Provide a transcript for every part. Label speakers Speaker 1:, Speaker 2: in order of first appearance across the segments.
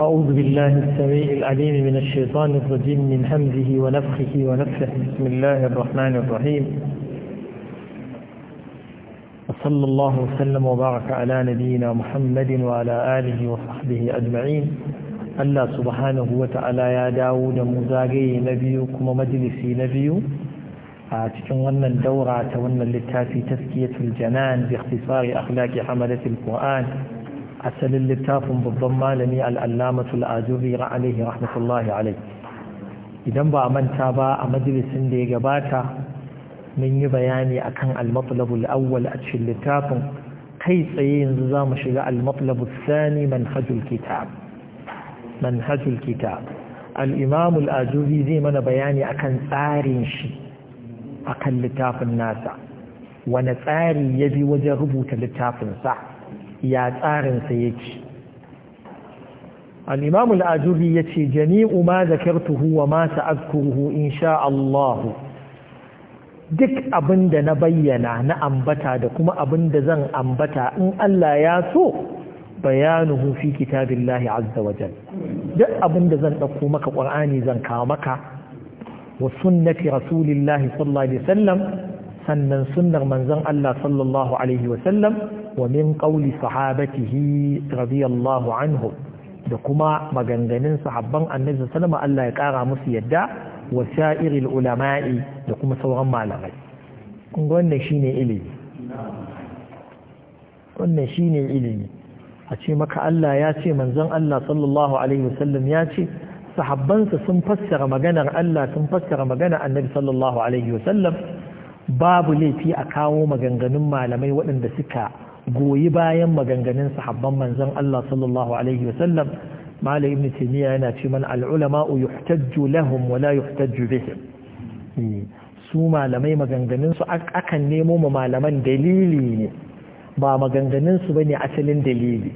Speaker 1: أعوذ بالله السميع العليم من الشيطان الرجيم من همزه ونفخه ونفخه بسم الله الرحمن الرحيم وصلى الله وسلم وبارك على نبينا محمد وعلى آله وصحبه أجمعين الله سبحانه وتعالى يا داود مزاقي نبيكم ومجلسي نبي آه، تتنغن الدورة تولى لتاسي تزكية الجنان باختصار أخلاق حملة القرآن asalin littafin babban malami al'allamatul ajuri alaihi rahmatullahi alaihi idan ba a manta ba a majalisun da ya gabata mun yi bayani akan al-matlabul awwal a cikin littafin kai tsaye yanzu za mu shiga al sani manhajul kitab manhajul kitab al ajuri zai mana bayani akan tsarin shi akan littafin nasa wani tsari ya bi wajen rubuta littafinsa ya tsarinsa yake الإمام ya ce jami'u ما tuhu wa mata إن in sha'allahu duk abin da na bayyana na ambata da kuma abin da zan ambata in Allah ya so bayanuhu fi kitabillahi azza wa duk abin da zan ɗauko maka ƙur'ani zan kawo maka wa sunnati rasulillahi sallallahu alaihi wasallam sannan sunnar manzon Allah sallallahu alaihi wa sallam wa min qawli sahabatihi radiyallahu anhu da kuma maganganun sahabban annabi sallama Allah ya kara musu yadda wa sha'iril ulama'i da kuma sauran malamai kun ga wannan shine ilimi wannan shine ilimi a ce maka Allah ya ce manzon Allah sallallahu alaihi wa sallam ya ce sahabbansa sun fassara maganar Allah sun fassara maganar annabi sallallahu alaihi wa sallam. babu laifi a kawo maganganun malamai waɗanda suka goyi bayan maganganun sahabban manzon Allah sallallahu alaihi sallam malam ibn taymiya yana ce man al ulama yuhtajju lahum wa la yuhtajju bihim eh, su malamai maganganun su akan nemo ma malaman dalili ne ba maganganun su bane asalin dalili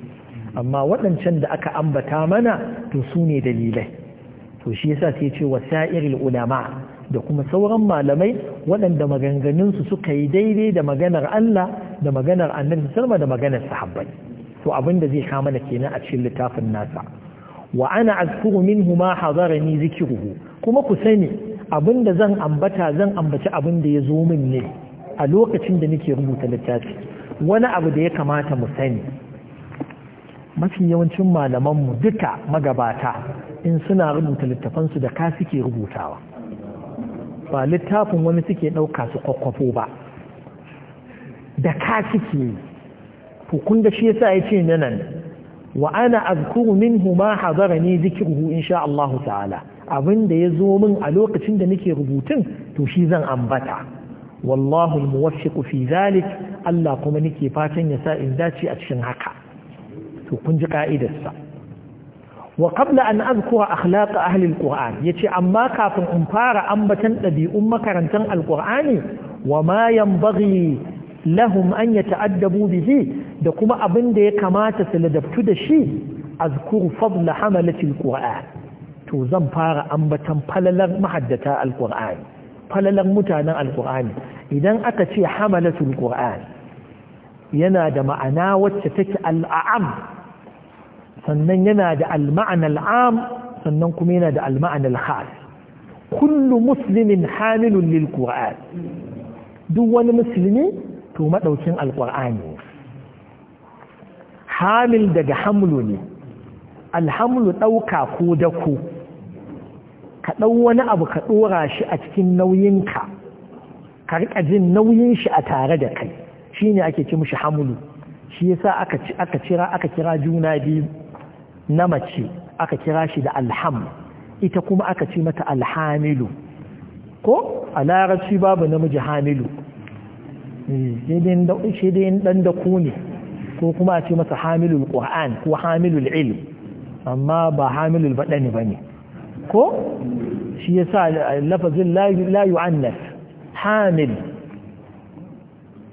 Speaker 1: amma waɗancan da aka ambata mana to su ne dalilai to shi yasa sai ce wasa'irul ulama da kuma sauran malamai waɗanda maganganunsu suka yi daidai da maganar Allah da maganar annabi sallama da maganar sahabbai to abin da zai kama mana kenan a cikin littafin nasa wa ana azkuru minhu ma hadarani zikruhu kuma ku sani abin da zan ambata zan ambaci abin da ya zo min ne a lokacin da nake rubuta littafi wani abu da ya kamata mu sani mafi yawancin malamanmu duka magabata in suna rubuta littafansu da ka suke rubutawa ba littafin wani suke ɗauka su kwakwafo ba da ka suke to da shi yasa ya ce nanan nan wa ana azkuru minhu ma hadara ne zikiruhu insha Allah ta'ala abin da ya zo min a lokacin da nake rubutun to shi zan ambata wallahu almuwaffiqu fi zalik Allah kuma nake fatan ya sa in dace a cikin haka to kun ji ka'idarsa wa qabla an azkura akhlaq ahli alquran yace amma kafin in fara ambatan dabi'un makarantan alqurani wa ma yanbaghi lahum an yata'addabu bihi da kuma abin da ya kamata su ladabtu da shi azkuru fadla hamalati alquran to zan fara ambatan falalar mahaddata alqurani falalar mutanen alqurani idan aka ce hamalatu alqurani yana da ma'ana wacce take al'am sannan yana da alma'anar am sannan kuma yana da alma'anar maana al-khas kullu muslimin hamilun lil duk wani musulmi to maɗaukin al-qur'ani hamil daga hamlu ne alhamlu ɗauka ko dako ka ɗau wani abu ka ɗora shi a cikin nauyinka ka riƙa jin nauyin shi a tare da kai shi ne ake ci mushi hamlu shi yasa aka aka kira juna biyu na mace aka kira shi da alham ita kuma aka ce mata alhamilu ko a larabci babu namiji hamilu eh, shi dai ɗan da ku ne ko kuma a ce masa hamilul qur'an ko hamilul ilm amma ba hamilul ba ne ko shi yasa eh, lafazin layu annas hamil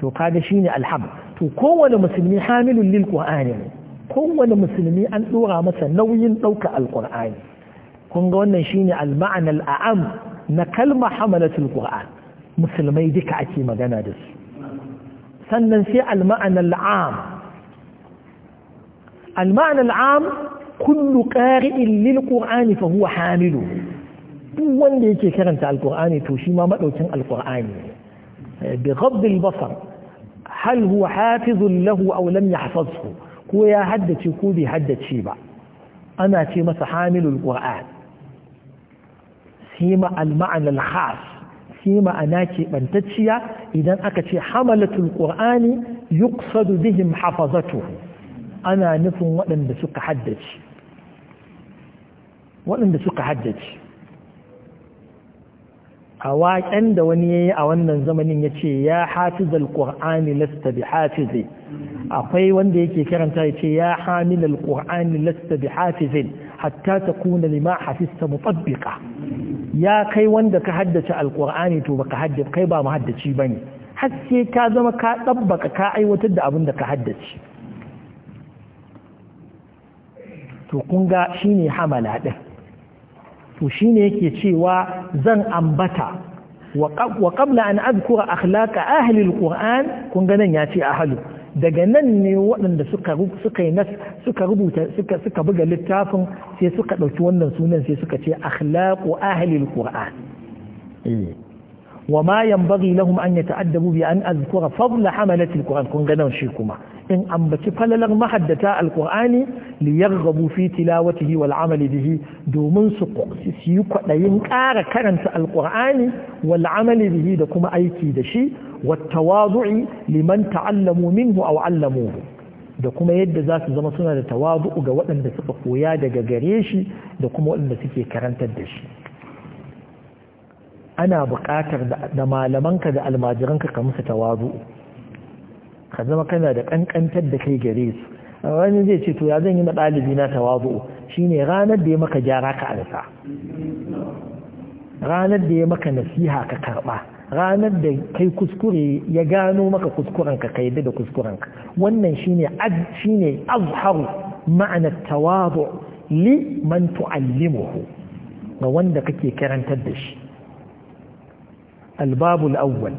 Speaker 1: to kaga ne alham to kowane musulmi hamilu lil qur'ani kowane musulmi an ɗora masa nauyin ɗauka alkur'ani kun ga wannan shine al-ma'ana aam na kalma hamalatul qur'an musulmai duka ake magana da su sannan sai al-ma'ana al-'am al-ma'ana kullu qari'in lil qur'ani fa huwa hamilu duk wanda yake karanta alkur'ani to shi ma madaukin alqur'ani eh, bi ghadd basar hal huwa hafizun lahu aw lam yahfazhu ko ya haddace ko bai haddace ba ana ce masa hamilul qur'an sima al-ma'ana al-khas sima ana ce bantacciya idan aka ce hamalatul qur'ani yuqsadu bihim hafazatu ana nufin waɗanda suka haddace waɗanda suka haddace a waƙen da wani ya yi a wannan zamanin ya ce ya hafizal ƙur'ani lasta bi hafizi akwai wanda yake karanta ya ce ya hamil al-qur'an lasta bi hafizin hatta takuna lima hafizta mutabbiqa ya kai wanda ka haddace al-qur'an to baka haddace kai ba muhaddaci bane har sai ka zama ka dabbaka ka aiwatar da abin da ka haddace to kun ga shine hamala din to shine yake cewa zan ambata wa qabla an azkura akhlaqa ahli al-qur'an kun ga nan ya ce ahlu daga nan ne waɗanda suka yi nas suka rubuta suka buga littafin sai suka ɗauki wannan sunan sai suka ce akhlaqu ahlil alquran eh وما ينبغي لهم أن يتأدبوا بأن أذكر فضل حملة القرآن كن غنون شيكما إن أنبت فللغ محدتا القرآن ليرغبوا في تلاوته والعمل به دومن سيوك ينكار كرنت القرآن والعمل به دكما أيكي دشي والتواضع لمن تعلموا منه أو علموه da kuma yadda za su zama suna da tawazu ga waɗanda suka koya daga gare shi da kuma waɗanda suke karantar da shi ana buƙatar da malamanka da almajiranka ka musu tawazu ka zama kana da ƙanƙantar da kai gare su ranar zai ce to ya zan yi ma ɗalibi na tawazu shine ranar da ya maka gyara ka alsa ranar da ya maka nasiha ka karɓa ranar da kai kuskure ya gano maka kuskurenka ka yadda da kuskurenka wannan shine shine azharu ma'ana tawazu li man tu'allimuhu ga wanda kake karantar da shi albabul awwal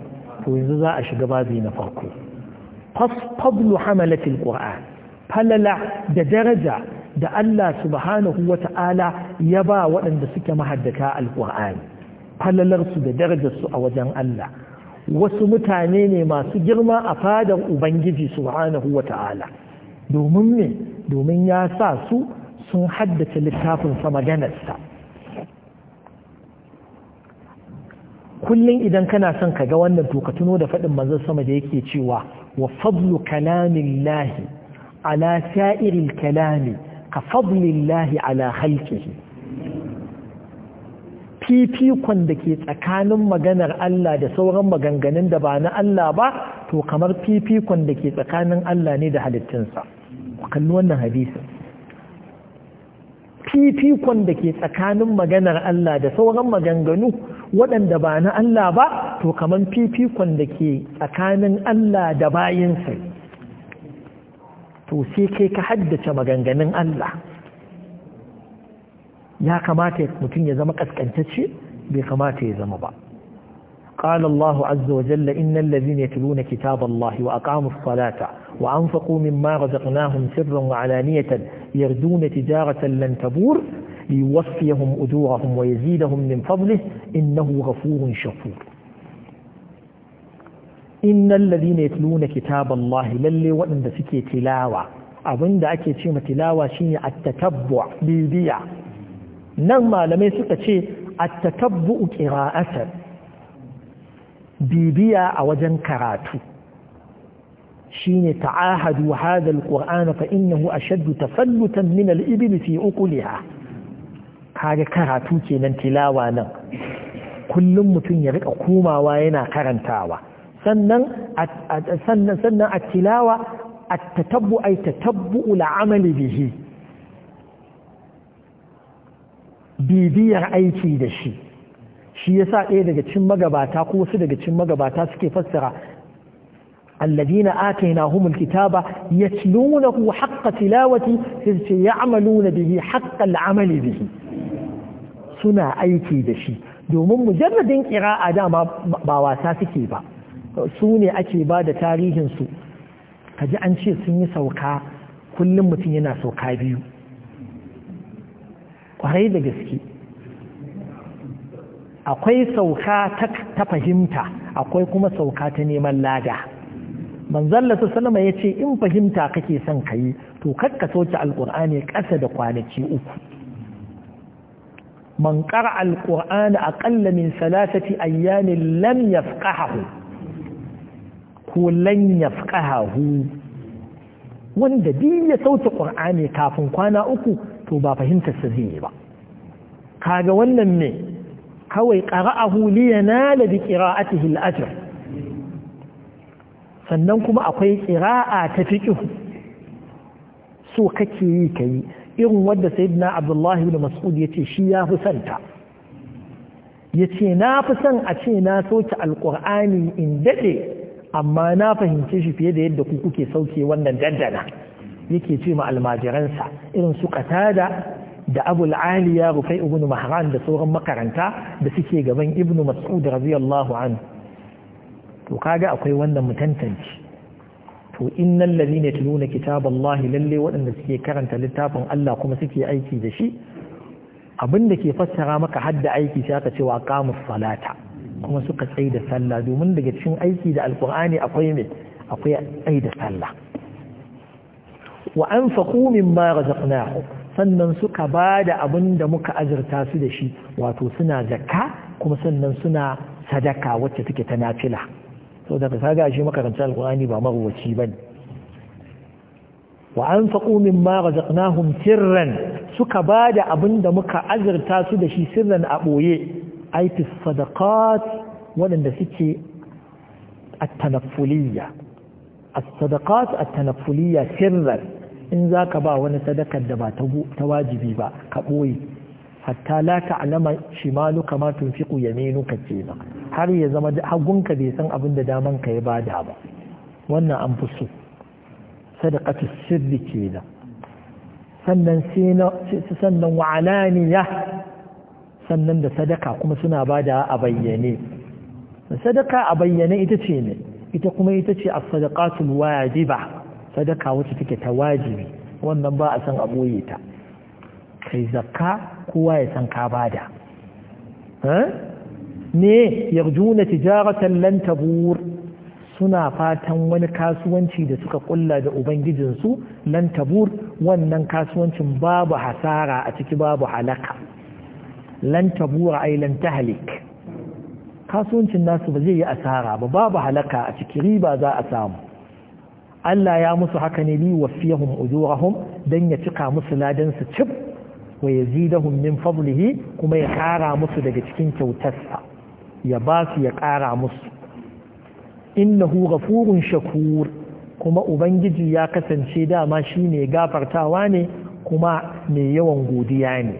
Speaker 1: to yanzu za a shiga babu na farko fablu hamalatil qur'an falala da daraja da Allah subhanahu wata'ala ya ba waɗanda suke mahaddata alqur'ani falalarsu da darajarsu a wajen Allah wasu mutane ne masu girma a fadar ubangiji subhanahu wata'ala domin me domin ya sa su sun haddace littafin sa maganarsa kullum idan kana son ka ga wannan to ka tuno da faɗin manzon sama da yake cewa wa fadlu kalamillahi ala sa'iril kalami ka fadlillahi ala khalqihi fifikon da ke tsakanin maganar Allah da sauran maganganun da ba na Allah ba to kamar kun da ke tsakanin Allah ne da halittinsa ku kalli wannan pipi fifikon da ke tsakanin maganar Allah da sauran maganganu waɗanda ba na Allah ba to kaman fifikon da ke tsakanin Allah da bayinsa to sai kai ka haddace maganganun Allah ya kamata mutum ya zama kaskantacce bai kamata ya zama ba قال الله عز وجل إن الذين يتلون كتاب الله وأقاموا الصلاة وأنفقوا مما رزقناهم سرا وعلانية يرجون تجارة لن تبور ليوفيهم أجورهم ويزيدهم من فضله إنه غفور شكور إن الذين يتلون كتاب الله للي وإن سكي تلاوة أظن دا أكي تلاوة شيني التتبع بيبيع نغمى لما يسكت شيء التتبع قراءة بيبيع أوجن كراتو شين تعاهدوا هذا القرآن فإنه أشد تفلتا من الإبل في أقلها kaga karatu kenan tilawa nan kullum mutum ya rika komawa yana karantawa sannan sannan sannan a tilawa at-tatabbu ay tatabbu al amal bihi bibiyar aiki da shi shi yasa ɗaya daga cikin magabata ko wasu daga cin magabata suke fassara الذين آتيناهم الكتاب يتلونه حق تلاوته يعملون bihi حق amali bihi. suna aiki da shi domin mujarradin ƙira'a dama ba wasa suke ba su ne ake ba da tarihinsu kaji an ce sun yi sauka kullum mutum yana sauka biyu kwarai da gaske akwai sauka ta fahimta akwai kuma sauka ta neman lada manzalla su salama ya ce in fahimta kake son kayi yi to kakka sauke alkur'ani ƙasa da kwanaki uku man qara'a alqur'ana a min salasati ayyamin lam ko lan wanda biyu ya sauta ƙur'ani kafin kwana uku to ba fahimtar sa zai ba kaga wannan ne kawai qara'ahu li yanala bi qira'atihi al sannan kuma akwai ƙira'a ta fiqh so kake yi irin wadda sayyidina abdullahi ibn mas'ud ya ce shi ya fi santa yace na fi son a ce na soke alqur'ani in daɗe amma na fahimce shi fiye da yadda ku kuke sauke wannan daddana yake ce ma almajiransa irin su qatada da abu abul ya rufai ibn mahran da sauran makaranta da suke gaban ibn mas'ud radiyallahu anhu to kaga akwai wannan mutantanci to ta nuna kitabun kitaballahi lalle waɗanda suke karanta littafin Allah kuma suke aiki da shi da ke fassara maka hadda aiki sai aka cewa qamus salata kuma suka tsai da sallah domin daga cikin aiki da alkur'ani akwai me akwai tsai da sallah wa anfaqu mimma razaqnahum sannan suka abun da muka azurta su da shi wato suna zakka kuma sannan suna sadaka wacce take ta nafila so daga ga shi makaranta alkur'ani ba maruwaci bane wa an faƙo min ma razaqnahum sirran suka ba da abin da muka azurta su da shi sirran a ɓoye aifis sadakat waɗanda suke a sadakat sirrar sirran in za ka ba wani sadakar da ba ta wajibi ba ka ɓoye hatta la ta'lama shimalu kama tunfiqu yaminuka kenan har ya zama hagunka bai san abin da daman ka ya bada ba wannan an fi so sadaqatu sirri kenan sannan sannan ya? sannan da sadaka kuma suna bada a bayyane sadaka a bayyane ita ce ne ita kuma ita ce as-sadaqatul wajiba sadaka wacce take ta wajibi wannan ba a san a boye ta kai zakka kowa ya san ka bada ne eh? yarjuna tijaratan lan tabur suna fatan wani kasuwanci da suka kulla da ubangijinsu lan tabur wannan kasuwancin babu hasara a ciki babu halaka lan tabura ai lan tahlik kasuwancin nasu ba zai yi asara ba babu halaka a ciki riba za a samu Allah ya musu haka ne li wasiyahum ujurahum dan ya cika musu ladan su cib wa yazidahum min fadlihi kuma ya kara musu daga cikin kyautarsa ya ba su ya kara musu innahu ghafurun shakur kuma ubangiji ya kasance dama shine gafartawa ne kuma mai yawan godiya ne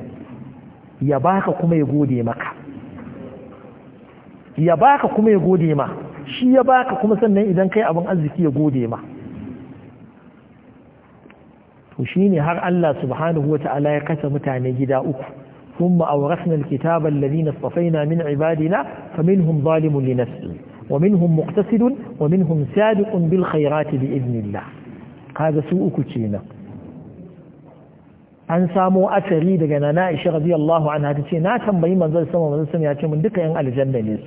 Speaker 1: ya baka kuma ya gode maka ya baka kuma ya gode ma shi ya baka kuma sannan idan kai abin arziki ya gode ma to shi ne har Allah subhanahu wa ta’ala ya kasa mutane gida uku sun ma’aurasnar kitabar lalina na min ibadina fa min hun zalimun linasi wa min hun muktasidun wa min hun sadiqun bil khairati bi idnillah kaga su uku ce na an samo asari daga Nana Aisha ishe radiyallahu an hata ce na tambayi manzar sama manzar sama ya mun duka yan aljanna ne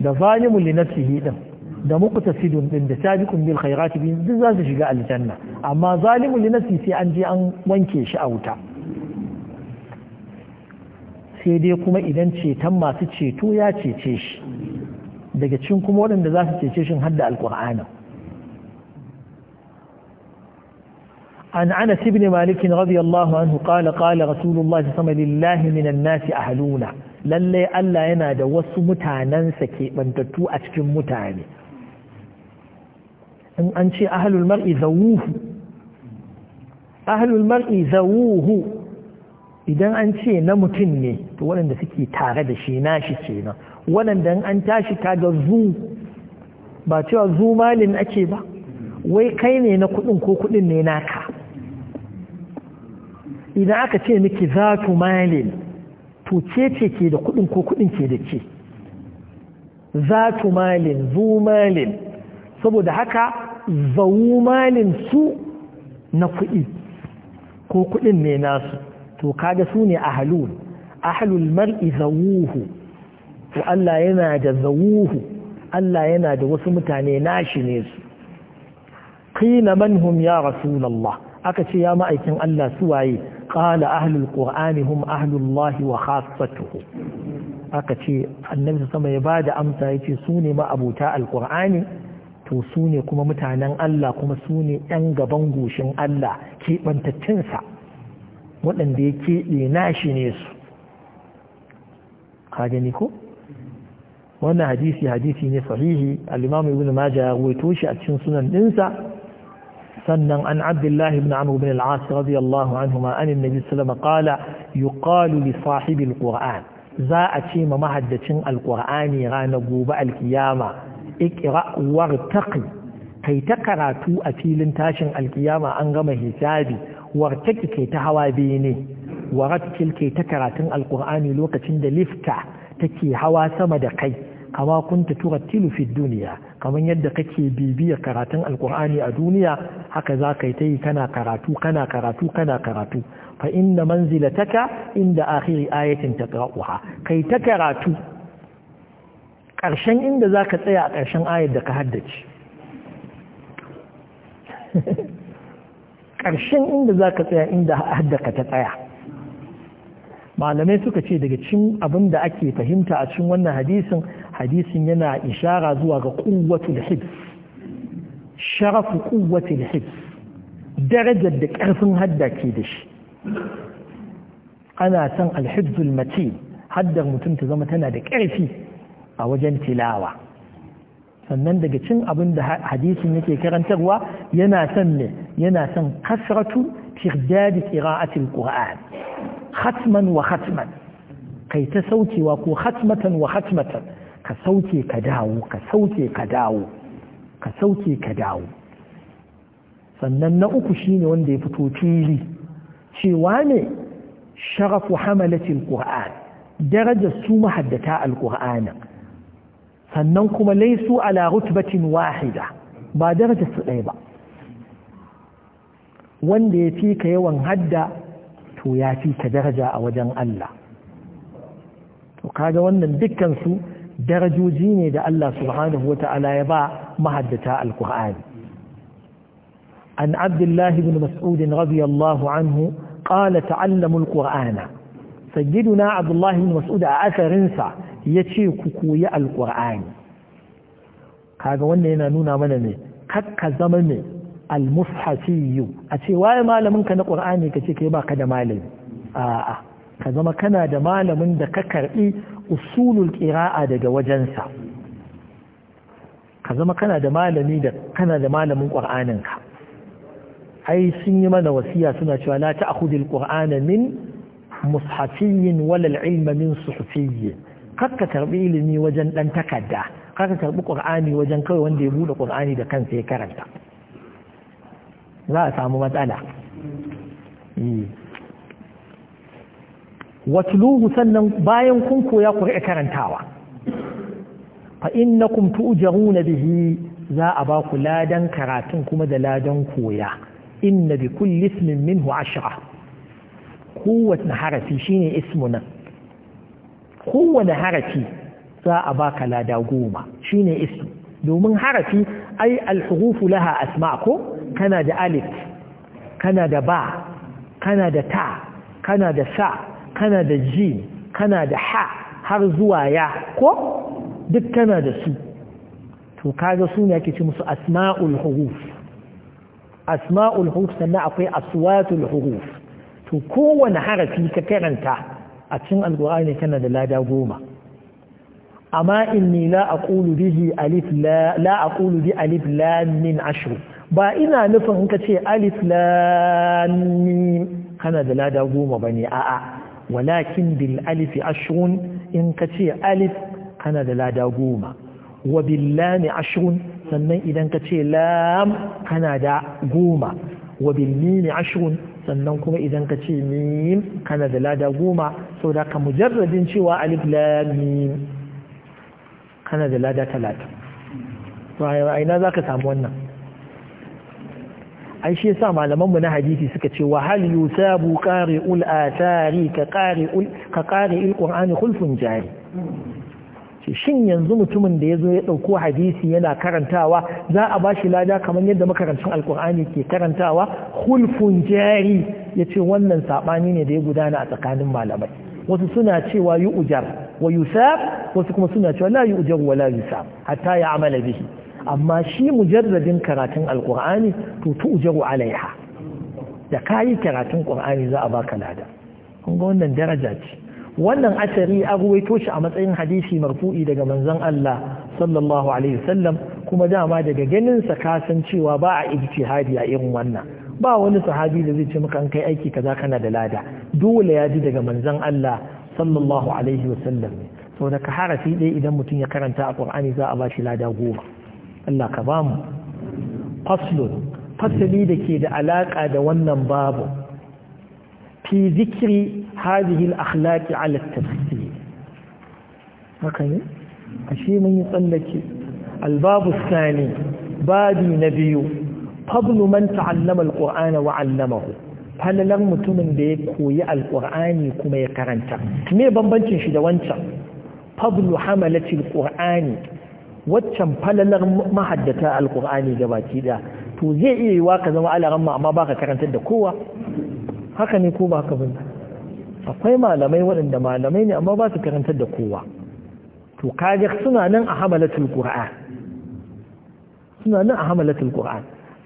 Speaker 1: da zalimun linasi hidin da muktasidun din da sabiqun bil khairati bin duk za shiga aljanna amma zalimu li nafsi sai an je an wanke shi a wuta sai dai kuma idan ceton masu ceto ya cece shi daga cikin kuma waɗanda zasu su cece shi hadda alqur'ana عن أنس بن مالك رضي الله عنه قال قال رسول الله صلى الله عليه وسلم لله من الناس أهلون للي ألا سكي in an ce ahalul mar'i zawuhu ahalul mar'i zawuhu idan an ce na mutum ne to waɗanda suke tare da shi nashi kenan waɗanda an tashi ta ga zu ba cewa zu malin ake ba wai kai ne na kuɗin ko kuɗin ne naka idan aka ce miki zatu malin to ce ce ke da kuɗin ko kuɗin ke da ce zatu malin zu malin saboda haka zawu su na kuɗi ko kuɗin ne nasu to kaga su ne ahalun ahalul mar'i zawuhu to Allah yana da zawuhu Allah yana da wasu mutane nashi ne su qila manhum ya rasulullah aka ce ya ma'aikin Allah su waye qala ahlul qur'ani hum ahlullahi wa khassatuhu aka ce annabi sama ya bada amsa yace su ne ma abuta alqur'ani to su ne kuma mutanen Allah kuma su ne ‘yan gaban goshin Allah keɓantattunsa waɗanda ya keɓe nashi ne su ka gani ko? wannan hadisi hadisi ne sahihi al-imam ibn majah ya rawaito shi a cikin sunan ɗinsa? sannan an Abdullahi ibn Amur, ibn al radiyallahu anhuma an annabi sallallahu alaihi yuqalu li sahibi al-qur'an za a ce ma mahaddacin al-qur'ani ranar gobe al-kiyama ikira wartaqi kai ta karatu a filin tashin alkiyama an gama hisabi wartaki kai ta hawa bene warattil kai ta karatun alkur'ani lokacin da lifta take hawa sama da kai kama ta tura fi duniya kamar yadda kake bibiya karatun alkur'ani a duniya haka za ka yi ta yi kana karatu kana karatu kana karatu fa inna manzilataka inda akhiri ayatin taqra'uha kai ta karatu ƙarshen inda za ka tsaya a ƙarshen ayar da ka haddace ƙarshen inda za ka tsaya inda haddaka ta tsaya malamai suka ce daga cin abin da ake fahimta a cin wannan hadisin hadisin yana ishara zuwa ga ƙuwatu da hibs sharafu da hibs darajar da ƙarfin hadda ke da shi ana san alhibsul mace haddar mutum ta zama tana da ƙarfi a wajen tilawa sannan daga cin abin da hadisin yake karantarwa yana son ne yana son kasratu tirdadi qira'atil qur'an khatman wa khatman kai ta saukewa ko khatmatan wa khatmatan ka sauke ka dawo ka sauke ka dawo ka sauke ka dawo sannan na uku shine wanda ya fito fili cewa ne sharafu hamalatil qur'an darajar su mahaddata alqur'ana sannan kuma laisu ala rutbatin wahida ba daraja su ɗaya ba wanda ya fi ka yawan hadda to ya fi ka daraja a wajen Allah to kaga wannan dukkansu darajoji ne da Allah subhanahu wata'ala ya ba mahaddata alkur'ani an abdullahi bin mas'udin radiyallahu anhu qala ta'allamu alqur'ana sayyiduna abdullahi bin mas'ud a asarinsa ya ce ku koyi alƙur'ani kaga wannan yana nuna mana ne kakka zama ne almushafiyu a ce waye malamin ka na ƙur'ani ka ce kai baka da malami a'a ka zama kana da malamin da ka karbi usulul qira'a daga wajensa ka zama kana da malami da kana da malamin ƙur'anin ai sun yi mana wasiya suna cewa la ta'khudil qur'ana min mushafiyin walal ilma min suhufiyyin kakka karbi ilimi wajen ɗan takarda kakka karbi qur'ani wajen kawai wanda ya bude qur'ani da kansa ya karanta za a samu matsala watluhu sannan bayan kun koya ku karantawa fa innakum tu'jaruna bihi za a ba ku ladan karatun kuma da ladan koya inna bi kulli ismin minhu ashra kowane harafi shine ismu nan kowane harafi za a baka lada goma shine ismu domin harafi ai alhurufu laha asma ko kana da alif kana da ba kana da ta kana da sa kana da ji kana da ha har zuwa ya ko duk kana da su to kaga su ne ake ce musu asma'ul huruf asma'ul huruf sannan akwai aswatul huruf to kowane harafi ka karanta a cikin alkur'ani kana da lada goma amma inni la aqulu bihi alif la la aqulu bi alif lam min ashr ba ina nufin in ka ce alif lam mim kana da lada goma bane a'a walakin bil alif ashrun in ka ce alif kana da lada goma wa bil lam ashrun sannan idan ka ce lam kana da goma wa bil mim ashrun sannan kuma idan ka ce mim kana da lada goma sau da ka mujarradin cewa alif lamim kana da lada talatin a ina za ka samu wannan ai shi yasa malamanmu na hadisi suka ce wa hal yusabu qari'ul atari ka qari'ul ka qari'ul qur'ani khulfun jari ce shin yanzu mutumin da ya zo ya ɗauko hadisi yana karantawa za a ba shi lada kamar yadda makarancin alkur'ani ke karantawa hulfun jari ya ce wannan saɓani ne da ya gudana a tsakanin malamai wasu suna cewa yi ujar wa yusaf wasu kuma suna cewa la yi ujar wa la yusaf hatta ya amala bihi amma shi mujarradin karatun alkur'ani to tu ujaru alaiha da kayi karatun qur'ani za a baka lada kun ga wannan daraja ce wannan asari an ruwaito shi a matsayin hadisi marfu'i daga manzon Allah sallallahu alaihi wasallam kuma dama daga ganin sa kasan cewa ba a ijtihadi a irin wannan ba wani sahabi da zai ce maka an kai aiki kaza kana da lada dole ya ji daga manzon Allah sallallahu alaihi wasallam sau da ka harafi ɗaya idan mutum ya karanta a ƙur'ani za a ba shi lada goma Allah ka ba mu fasali da ke da alaƙa da wannan babu fi zikiri hadihil akhlaqi ala tafsir haka ne shi mun yi tsallake albabu sani babi na biyu fablu man ta'allama alqur'ana wa 'allamahu falalan mutumin da ya koyi alqur'ani kuma ya karanta me bambancin shi da wancan fablu hamalati alqur'ani waccan falalar mahaddata alqur'ani gabaki da to zai iya yiwa ka zama alaran amma baka karantar da kowa haka ne ko ba haka bane akwai malamai waɗanda malamai ne amma ba su karantar da kowa to kaga suna nan a hamalatul qur'an suna nan a hamalatul qur'an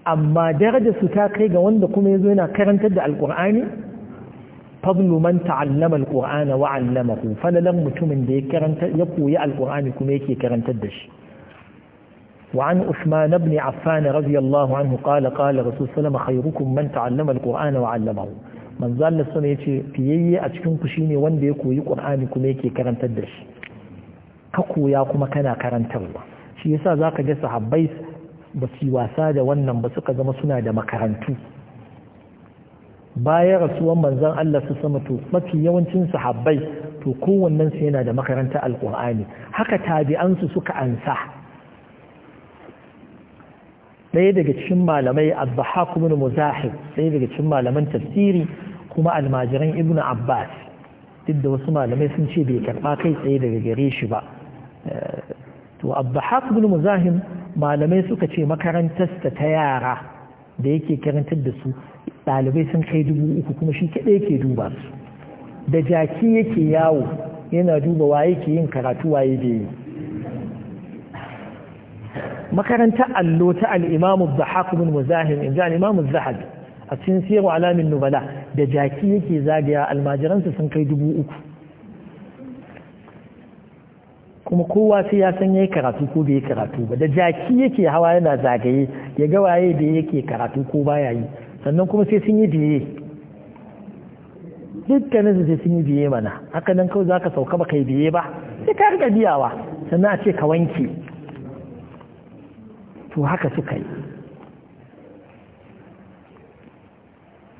Speaker 1: amma darajar su ta kai ga wanda kuma yazo yana karantar da alqur'ani fadlu man ta'allama alqur'ana wa 'allamahu falalan mutumin da ya karanta ya koyi alqur'ani kuma yake karantar da shi وعن عثمان بن عفان رضي الله عنه قال قال رسول الله خيركم من تعلم القرآن وعلمه manzo Allah sun ya ce fiyayye a cikin ku ne wanda ya koyi Qur'ani kuma yake karantar da shi ka koya kuma kana karantarwa shi yasa zaka ga sahabbai ba su wasa da wannan ba suka zama suna da makarantu bayan rasuwan manzan Allah su sama to mafi yawancin sahabbai to kowannen yana da makaranta alqur'ani haka tabi'ansu suka ansa ɗaya daga cikin malamai abbahaku mu muzahib ɗaya daga cikin malaman tafsiri kuma almajiran ibn abbas duk da wasu malamai sun ce bai karɓa kai tsaye daga gare shi ba to abba hasbul muzahim malamai suka ce makarantarsa ta yara da yake karantar da su ɗalibai sun kai dubu uku kuma shi kaɗai yake duba su da jaki yake yawo yana duba waye yake yin karatu waye da yi makarantar allo ta al'imamu da muzahim in ji al'imamu zahabi a cikin siyar wa alamin nubala da jaki yake zagaya almajiransa sun kai dubu uku kuma kowa sai ya san ya karatu ko bai karatu ba da jaki yake hawa yana zagaye ya ga waye da yake karatu ko baya yi sannan kuma sai sun yi biye dukkanin sai sun yi biye mana haka nan kawai zaka sauka ba kai biye ba sai ka riga biyawa sannan a ce ka wanke to haka suka yi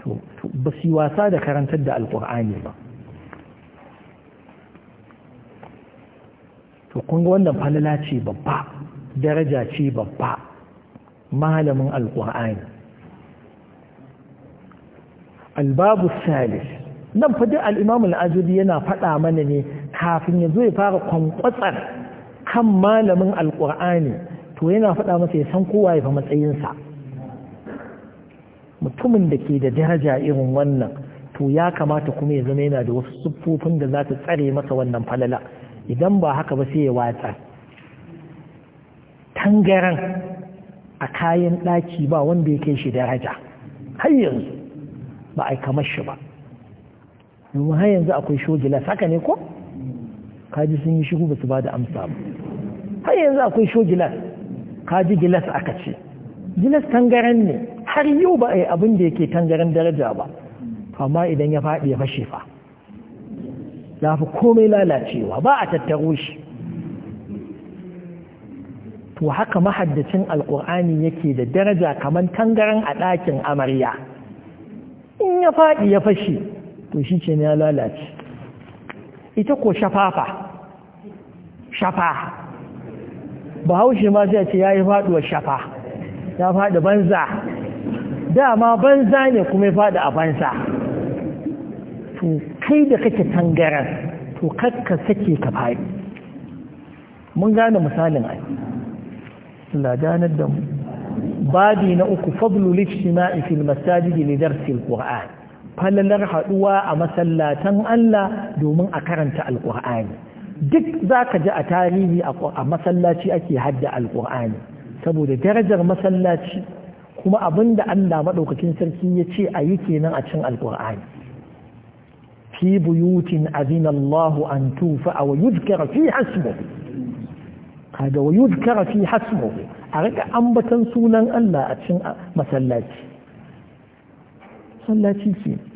Speaker 1: to ba su wasa da karantar da alkur'ani ba to kun ga wannan falala ce babba daraja ce babba malamin Alƙur'ani. albabu salis nan fa duk al-imam yana faɗa mana ne kafin ya zo ya fara kwankwatsar kan malamin alkur'ani to yana faɗa masa ya san kowa ya fa matsayinsa mutumin da ke da daraja irin wannan to ya kamata kuma ya zama yana da wasu siffofin da za ta tsare masa wannan falala idan ba haka ba sai ya watsa tangaran a kayan ɗaki ba wanda ya kai shi daraja har yanzu ba a kamar shi ba domin har yanzu akwai shogilas haka ne ko kaji sun yi shigo ba su ba da amsa ba har yanzu akwai shogilas kaji gilas aka ce jinas tangaren ne har yau ba a yi abin da yake tangaren daraja ba amma idan ya faɗi ya fashe fa ya fi komai lalacewa ba a tattaro shi to haka mahaddacin alkur'ani yake da daraja kamar tangaren a ɗakin amarya in ya faɗi ya fashe to shi ce ya lalace ita ko shafafa shafa bahaushe ma zai ce ya yi faɗuwar shafa ya faɗi banza dama banza ne kuma ya faɗi a banza to kai da kake tangaran to kakka sake ka faɗi mun gane misalin ai Allah ganar da mu babi na uku fadlu lishtima'i fil masajid li darsil qur'an falalar haduwa a masallatan Allah domin a karanta alqur'ani duk zaka ji a tarihi a masallaci ake hadda alqur'ani saboda darajar masallaci kuma abinda Allah maɗaukakin sarki ya ce a yi kenan a cin alƙur'ani fi buyutin azinallahu an tufa a wayuzkara fi hasmu kaga wayuzkara fi hasmu a rika ambatan sunan Allah a cin masallaci sallaci kenan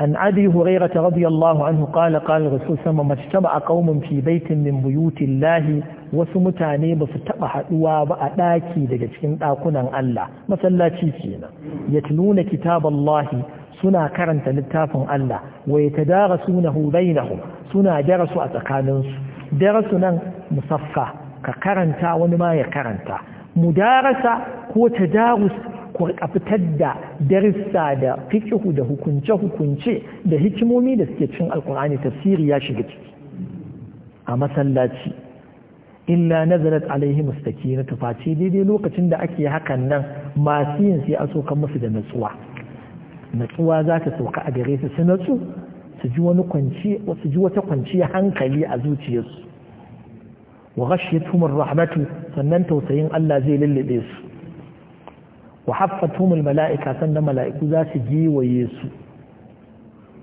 Speaker 1: عن أبي هريرة رضي الله عنه قال قال رسول سما ما اجتمع قوم في بيت من بيوت الله وسمتاني بستبع حدوا بأداكي دجتكين أكونا الله مثلا تيكينا يتلون كتاب الله سنا كرنت للتاف الله ويتدارسونه بينهم سنا درس أتقاننس درسنا مصفى ككرنتا ونما يكرنتا مدارسة هو تدارس ku fitar da darissa da fiqhu da hukunce hukunce da hikimomi da suke cin alkur'ani tafsiri ya shiga ciki a masallaci illa nazarat alaihi na tufaci daidai lokacin da ake hakan nan masu yin sai a sokan musu da natsuwa natsuwa za ta sauka a gare su su natsu su ji wani kwanci su ji wata kwanciya hankali a zuciyarsu wa tumar rahmatu sannan tausayin Allah zai lullube su wa haffatuhum mala'ika sannan mala'iku za su giwaye su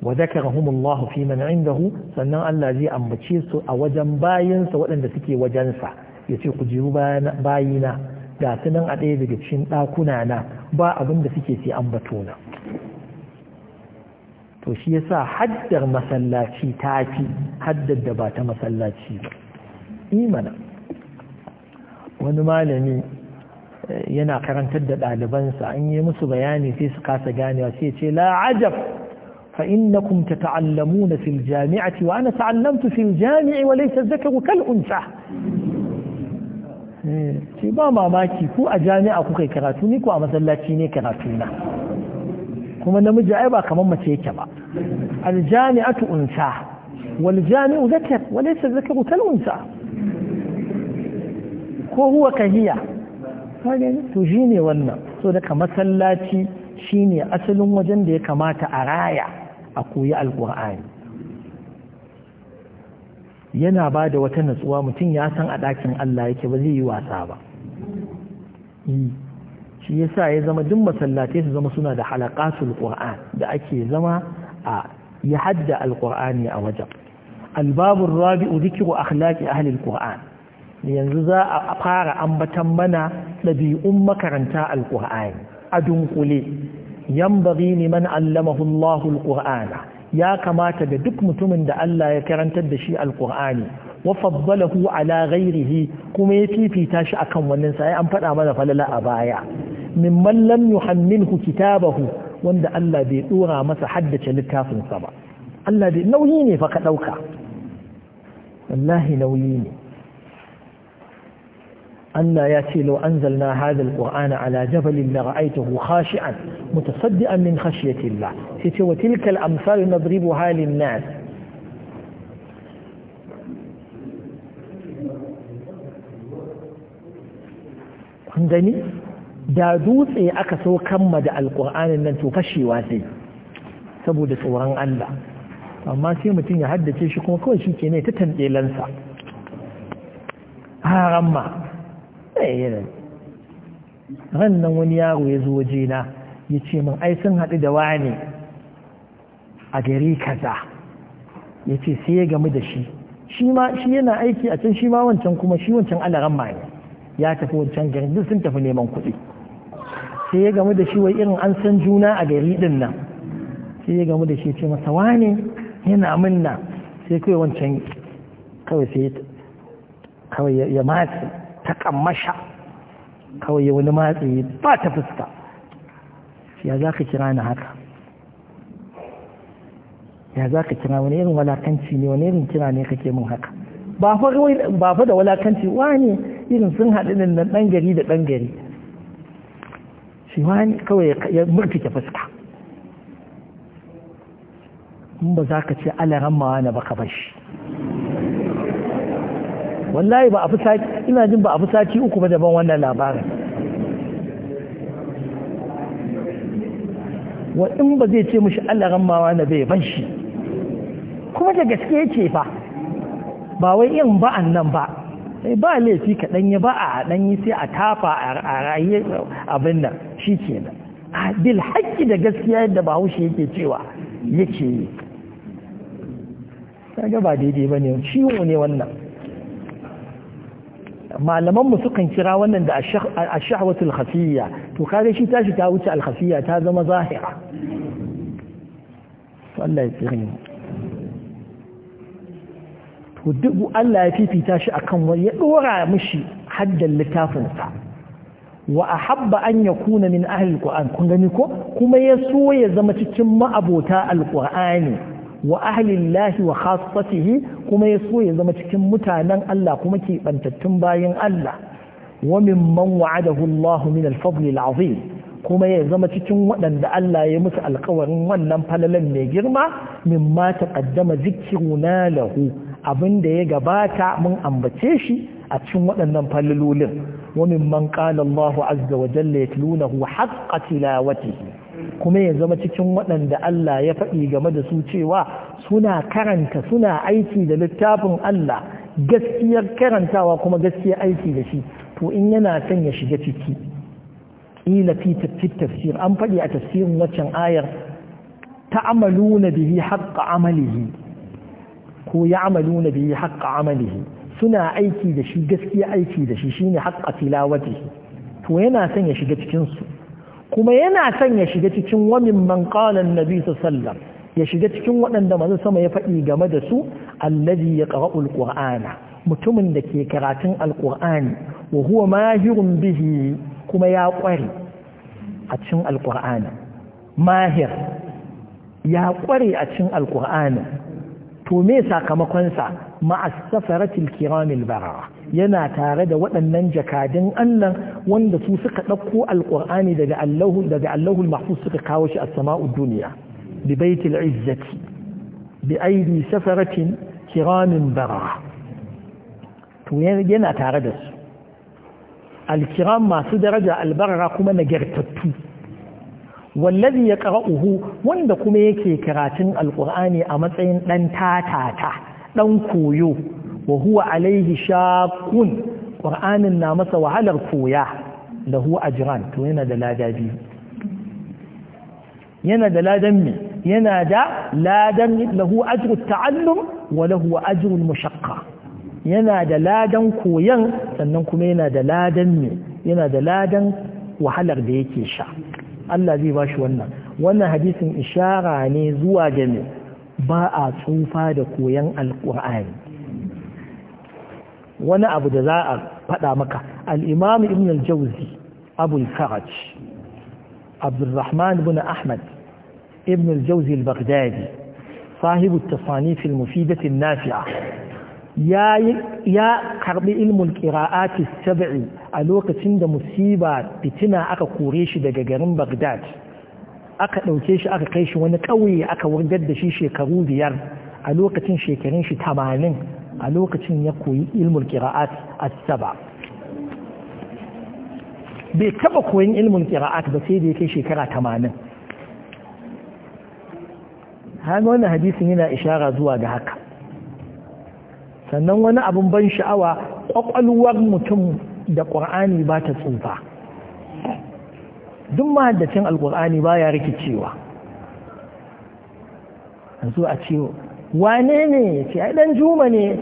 Speaker 1: wa zakarahum Allah fi man indahu sannan Allah zai ambace su a wajen bayansa waɗanda suke wajensa ya ce ku jiru bayina Da su a ɗaya daga cikin ɗakuna na ba abin da suke sai ambato na to shi yasa haddar masallaci ta fi haddar da ba ta masallaci ba imana wani malami yana karantar da ɗalibansa an yi musu bayani sai su kasa ganewa sai ce la'ajab! fa innakum tata'allamuna fil jami'ati wa ana ta'allamtu fil jami'i wa laysa dhakaru kal unsa eh, ce ba mamaki ku a jami'a kuka yi karatu ni ku a masallaci ne karatu na kuma namiji ai ba kamar mace yake ba al jami'atu unsa wal jami'u dhakar wa laysa dhakaru kal unsa ko huwa kahiya ka gani to shi ne wannan so daga masallaci shi ne asalin wajen da ya kamata a raya a koyi alkur'ani yana ba da wata natsuwa mutum ya san a ɗakin Allah yake ba zai yi wasa ba eh, shi yasa ya zama duk masallatai su zama suna da halaqatul qur'an da ake zama a ya hadda alkur'ani a wajen albabun rabi'u zikiru akhlaqi ahlil alqur'an yanzu za a fara ambatan mana ɗabi'un makaranta alƙur'ani a dunkule yambari man allamahullahu alƙur'ana ya kamata da duk mutumin da Allah ya karantar da shi alƙur'ani wa faddalahu ala ghairihi kuma ya fifita shi akan wannan sai an faɗa mana falala a baya mimman lam yuhammilhu kitabahu wanda Allah bai dora masa haddace littafinsa ba Allah bai nauyi ne fa ka ɗauka wallahi nauyi ne Allah ya ce lau anzalna hadha alqur'ana ala jabalin la ra'aytahu khashi'an mutasaddian min khashyati Allah sai ce wa tilka al-amsal nadribuha nas kun gani da dutse aka so kamma da alqur'anin nan to fashewa sai saboda tsoron Allah amma sai mutum ya haddace shi kuma kawai shi ke ne ta tanɗelansa haramma ran nan wani yaro ya zo na ya ce min ai sun haɗu da wani a gari kaza ya ce sai ya gamu da shi shi yana aiki a can shi ma wancan kuma shi wancan alaran ran ne ya tafi wancan gari duk sun tafi neman kuɗi sai ya gamu da shi wai irin an san juna a gari din nan sai ya gamu da shi ce masa wani yana minna sai kawai wancan kawai sai kawai ya matse ta kammasha kawai wani matsi ba ta fuska ya za ka kira ni haka ya za ka kira wani irin walakanci ne wani irin kira ne kake min haka ba fa da walakanci wani irin sun haɗu da ɗan gari da ɗan gari shi wani kawai ya murtuke fuska in ba za ka ce ala ramawa na baka bashi wallahi ba a fi sati ina jin ba a fi sati uku ba daban wannan labarin wa in ba zai ce mushi Allah rammawa na bai ban shi kuma da gaske ce fa ba wai yin ba nan ba sai eh, ba laifi ka ya ba a ɗanyi sai a tafa a raye abin nan shi ke nan a bil haƙƙi da gaskiya yadda ba haushe yake cewa yake yi ga ba daidai ba ne ciwo ne wannan malamanmu sukan kira wannan da ashahwatul khafiyya to kare shi tashi ta wuce alkhafiyya ta zama zahira Allah ya tsiri to duk Allah ya fifita shi akan wani ya dora mishi haddan littafinsa wa ahabba an yakuna min ahli alquran kun gani ko kuma ya so ya zama cikin ma'abota alqur'ani wa ahli allahi wa khassatihi kuma ya so ya zama cikin mutanen Allah kuma ke bayan Allah wa mimman wa'adahu Allah min al-fadl kuma ya zama cikin waɗanda Allah ya musu alkawarin wannan falalan mai girma min ma mimma taqaddama zikruna lahu abinda ya gabata mun ambace shi a cikin waɗannan falalolin wa mimman qala azza wa jalla yatlunahu haqqa tilawatihi kuma ya zama cikin waɗanda Allah ya faɗi game da su cewa suna karanta suna aiki da littafin Allah gaskiyar karantawa kuma gaskiyar aiki da shi to in yana son ya shiga ciki ila fi tafsir an faɗi a tafsirin waccan ayar ta'amaluna bihi haqqa amalihi ko ya'maluna bihi haqqa amalihi suna aiki da shi gaskiya aiki da shi shine haqqa tilawatihi to yana son ya shiga cikin su kuma yana son ya shiga cikin wamin man qalan nabi sallam ya shiga cikin waɗanda manzo sama ya faɗi game da su allazi yaqra'ul qur'ana mutumin da ke karatun alqur'ani wa huwa mahirun bihi kuma ya ƙware a cikin alqur'ani mahir ya ƙware a cikin alqur'ani to me sakamakonsa ma'a safaratil kiramil bara'a yana tare da waɗannan jakadun Allah wanda su suka ɗauko alƙur'ani daga Allahu daga Allahul suka kawo shi a sama'ud duniya bi baitil izzati bi aidi safaratin kiramin barara to yana tare da su alkiram masu daraja albarara kuma nagartattu wallazi ya qara'uhu wanda kuma yake karatun alqur'ani a matsayin dan tatata dan koyo wa huwa alaihi shaqqun qur'anin na masa wahalar koya da huwa ajran to yana da lada biyu yana da ladan me yana da ladan lahu ajru ta'allum wa lahu ajru yana da ladan koyan sannan kuma yana da ladan me yana da ladan wahalar da yake sha Allah zai bashi wannan wannan hadisin ishara ne zuwa ga me ba a tsufa da koyan Alƙur'ani. wani abu da za a faɗa maka al'imam ibn al-jauzi abul faraj abdurrahman ibn ahmad ibn al-jauzi al-baghdadi sahibu tasanif al-mufidat nafi'a ya ya karbi ilmul qira'at as-sab'i a lokacin da musiba fitina aka kore shi daga garin Baghdad aka ɗauke shi aka kai shi wani ƙauye aka wurgar da shi shekaru biyar a lokacin shekarun shi tamanin a lokacin ya koyi ilmul kira'at a saba bai taba koyin ilmul kiraat ba sai da kai shekara tamanin hannu wani hadisin yana ishara zuwa ga haka sannan wani abin ban sha'awa ƙwaƙwalwar mutum da ƙur'ani ba ta tsufa duk mahaddacin alƙwar'ani ba ya rikicewa a a ce wane ne ya ce dan juma ne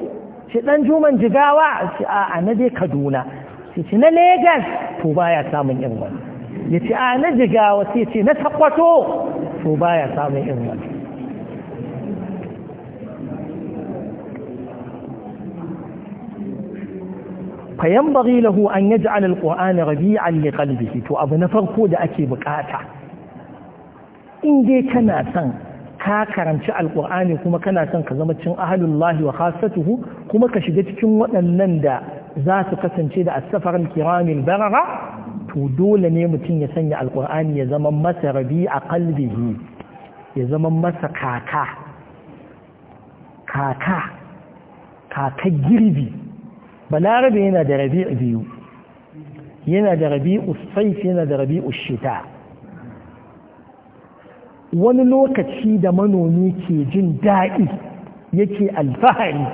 Speaker 1: ce dan juman jigawa ce a a na dai kaduna sai ce na Legas to ya samun irin ya ce a na jigawa sai ce na takwato to ya samun irin fayan bari lahu an yi ji alal ƙo'ani rabi alli kalbi to abu na farko da ake bukata in dai kana son ka karanci alkur'ani kuma kana son ka zama cin ahalullahi wa khasatuhu kuma ka shiga cikin waɗannan da za su kasance da asafarar kiramin barara to dole ne mutum ya sanya Alƙur'ani ya zama masa rabi a kalbihi ya zama masa kaka kaka kaka girbi balarabe yana da rabi'u biyu yana da rabi'u usaif yana da rabi'u shita. wani lokaci da manomi ke jin daɗi yake alfahari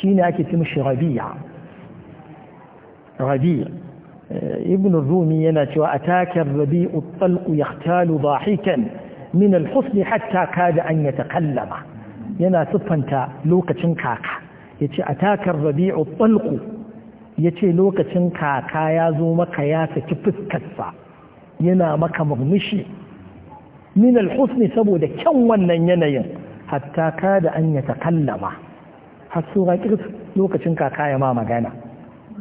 Speaker 1: shine ake cin shi rabi'a rabi'a eh, ibn rumi yana cewa takar rabi'u talqu yahtalu dahikan min alhusni hatta kada an yatakallama yana siffanta lokacin kaka yace takar rabi'u talqu yace lokacin kaka ya zo maka ya saki fuskarsa yana maka murmushi min alhusni saboda kyan wannan yanayin hatta da an ya takallama har sura lokacin kaka ya ma magana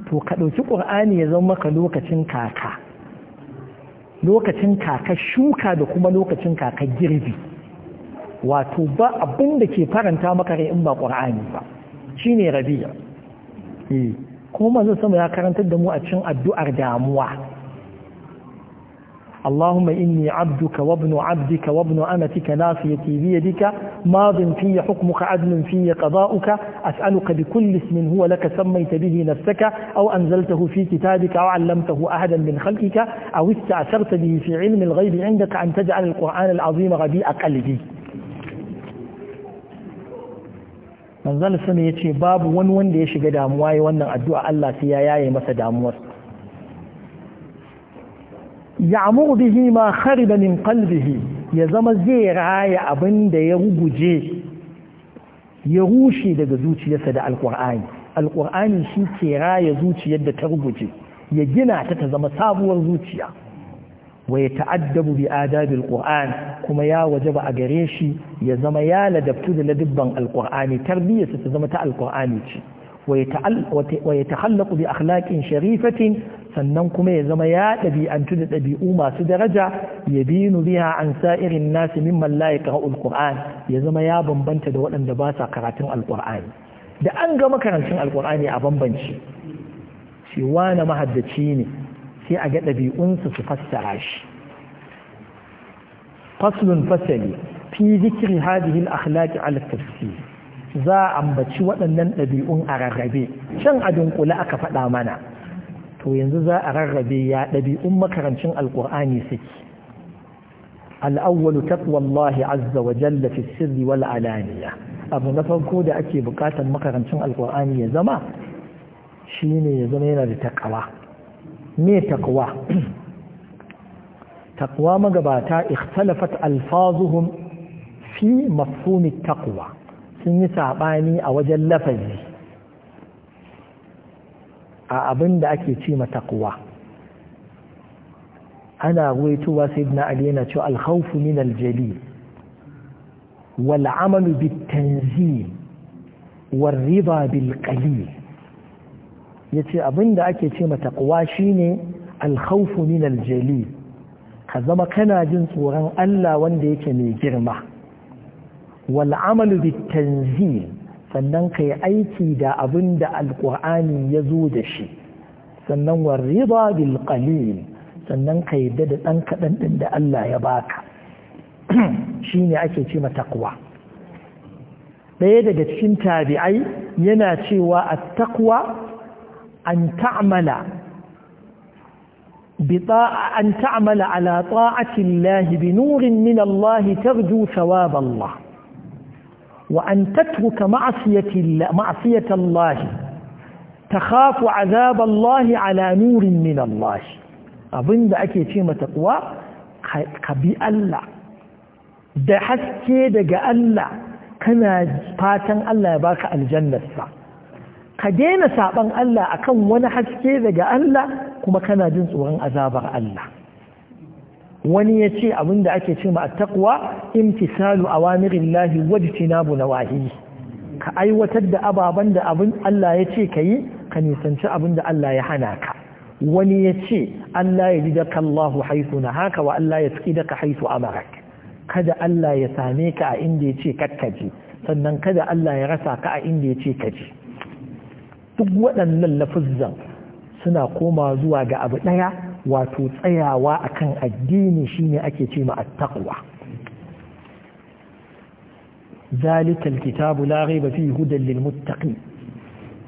Speaker 1: to ka ɗauki ƙur'ani ya zama ka lokacin kaka lokacin kaka shuka da kuma lokacin kaka girbi wato ba abin da ke faranta maka rai in ba ƙur'ani ba shine rabiya eh kuma manzon sama ya karantar da mu a cikin addu'ar damuwa اللهم إني عبدك وابن عبدك وابن أمتك نافيتي بيدك ماض في حكمك عدل في قضاؤك أسألك بكل اسم هو لك سميت به نفسك أو أنزلته في كتابك أو علمته أحدا من خلقك أو استعثرت به في علم الغيب عندك أن تجعل القرآن العظيم ربيع قلبي من ذلك ya يتشي باب wani wanda ya shiga damuwa ya wannan addu'a Allah sai ya ya bihi ma khariba min qalbihi ya zama zai raya abin da ya ruguje ya rushe daga zuciyarsa da alqur'ani alqur'ani shi ke raya zuciyar da ta ruguje ya gina ta ta zama sabuwar zuciya wa ya ta'addabu bi adabil qur'an kuma ya wajaba a gare shi ya zama ya ladabtu da ladabban alqur'ani tarbiyyarsa ta zama ta alqur'ani ce wa ya tahallaku bi akhlaqin sharifatin sannan kuma ya zama ya ɗabi'antu da ɗabi'u masu daraja ya binu biha ansa irin nasu mimman la yaqra'u alquran ya zama ya bambanta da waɗanda ba sa karatun alqur'ani da an ga makarantun alqur'ani a bambanci shi wani mahaddaci ne sai a ga ɗabi'unsu su fassara shi faslun fasali fi zikri hadhihi al-akhlaq ala tafsir za a ambaci waɗannan ɗabi'un a rarrabe can a dunkule aka faɗa mana to yanzu za a rarrabe ya ɗabi'un makarancin alƙur'ani suke al'awwalu taqwallahi azza wa jalla fi sirri wal alaniya abu na farko da ake buƙatar makarancin alƙur'ani ya zama shine ya zama yana da taqwa me taqwa taqwa magabata ikhtalafat alfazuhum fi mafhumi taqwa sun yi saɓani a wajen lafazi a abin da ake ce matakuwa ana ruwaitowa sai na ali yana cewa alhaufu min aljali wal amalu bit tanzil wal riba yace abin da ake ce matakuwa shine alhaufu min aljali ka zama kana jin tsoron Allah wanda yake mai girma والعمل بالتنزيل sannan ka yi aiki da abin da alkur'ani ya zo da shi sannan warriba bil qalil sannan ka yi da ɗan kaɗan ɗin da Allah ya baka shi ne ake ce takwa ɗaya daga cikin tabi'ai yana cewa a takwa an ta'amala an ta'amala ala ta'atin lahi bi nurin min Allah tarju thawab Allah وأن تترك معصية الله, معصية الله تخاف عذاب الله على نور من الله أظن ذا أكي تيمة تقوى كبي الله da haske daga Allah kana fatan Allah ya baka aljannarsa ka daina saban Allah akan wani haske daga Allah kuma kana jin tsoron azabar Allah wani ya ce abinda ake ce ma taqwa imtisalu awamirillahi na nawahi ka aiwatar da ababen da abin Allah ya ce ka yi ka nisanci abin da Allah ya hana ka wani ya ce Allah ya ji da kallahu haisu na haka wa Allah ya tsaki daga haisu amarak kada Allah ya same ka a inda ya ce kakkaji sannan kada Allah ya rasa ka a inda ya ce kaji duk waɗannan lafuzzan suna koma zuwa ga abu ɗaya wato tsayawa akan addini shine ake ce ma attaqwa ذلك الكتاب لا غيب فيه هدى للمتقين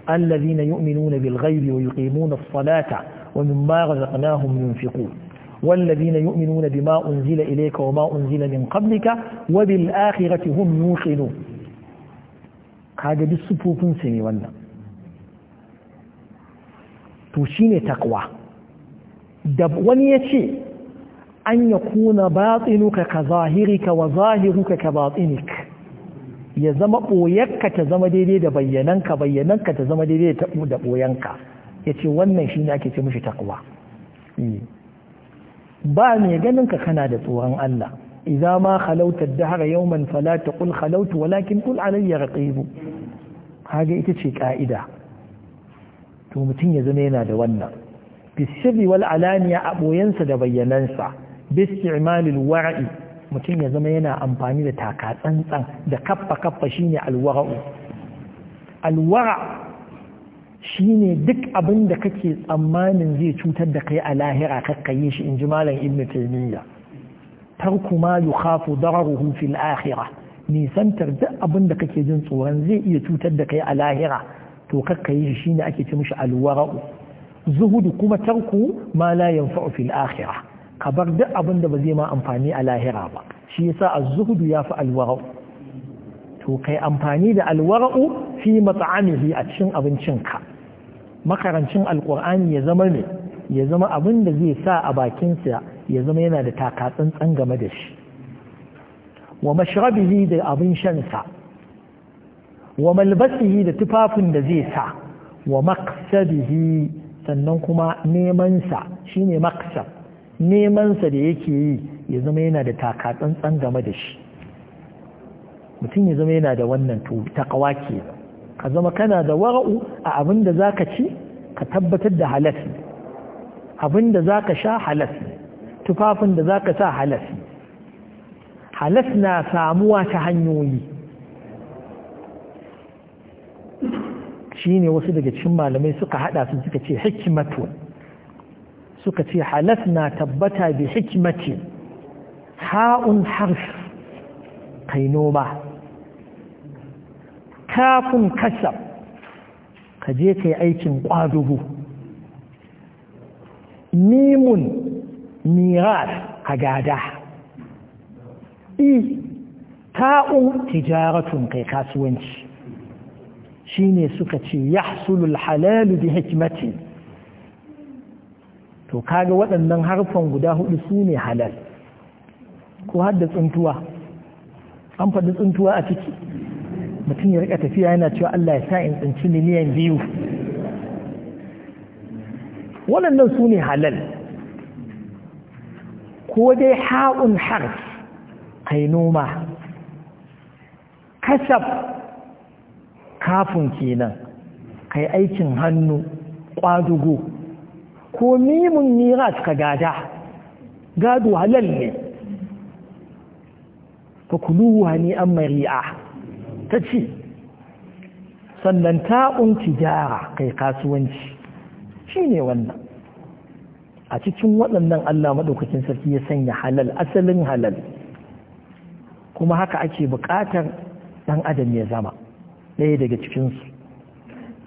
Speaker 1: الذين يؤمنون بالغيب ويقيمون الصلاة ومما رزقناهم ينفقون والذين يؤمنون بما أنزل إليك وما أنزل من قبلك وبالآخرة هم يوقنون هذا بالصفوف سني ولا توشين تقوى da wani ya ce an ya kuna batsinuka ka zahirika wa zahiruka ka batsinik ya zama ɓoyarka ta zama daidai da bayyananka bayyananka ta zama daidai da ɓoyanka ya ce wannan shi ne ake ce mushi takwa eh. ba mai ka kana da tsoron Allah Iza ma har dahra yawman fala taqul khalautu walakin qul alayya raqib kaga ita ce ka'ida to mutum ya zama yana da wannan bisirri wal alaniya a ɓoyensa da bayyanansa bisti'malil wara'i mutum ya zama yana amfani da taka tsantsan da kaffa kaffa shine alwara'u alwara shine duk abin da kake tsammanin zai cutar da kai a lahira kakkayi shi in ji malam Ilmin taymiya tarku ma yukhafu dararuhu fil lahira. nisantar duk abin da kake jin tsoron zai iya cutar da kai a lahira to kakkayi shi shine ake ce mishi alwara'u zuhudu kuma tarku ma la yanfa'u fil akhirah ka bar duk abin da ba zai ma amfani a lahira ba shi yasa az-zuhdu yafi al-wara'u to kai amfani da al-wara'u fi mat'amihi a cikin abincinka makarancin Alƙur'ani ya zama ne ya zama abin da zai sa a bakinsa ya zama yana da takatsantsan game da shi wa mashrabihi da abin shan sa. wa malbasihi da tufafin da zai sa wa maqsadihi sannan kuma nemansa shine maksar nemansa da yake yi ya zama yana da takatsantsan game da shi mutum ya zama yana da wannan takawa ke ka zama kana da wara'u a abin da za ka ci ka tabbatar da halas abin da za ka sha halas tufafin da za ka sa halas halas na samuwa ta hanyoyi Shi ne wasu daga cikin malamai suka hada su suka ce hikimatu suka ce halas na tabbata bi hikimati ha'un harf kai noma kafin kasa ka je ka aikin kwadugu mimun mirar ka gada i ta'un tijaratun kai kasuwanci shine suka ce ya sulul halalu bi hikmati to kaga waɗannan harfan guda hudu su ne halal ko har da tsuntuwa an faɗi tsuntuwa a ciki mutum ya rika tafiya yana cewa Allah ya sa in tsinci miliyan biyu waɗannan su ne halal ko dai ha'un harf kai noma kasab kafin kenan kai aikin hannu kwadugo ko mimun nira ka gada gado halal ne fa kuluwa ni an mari'a ta ce sannan ta'un tijara kai kasuwanci shi ne wannan a cikin waɗannan Allah maɗaukacin sarki ya sanya halal asalin halal kuma haka ake buƙatar ɗan adam ya zama ɗaya daga cikinsu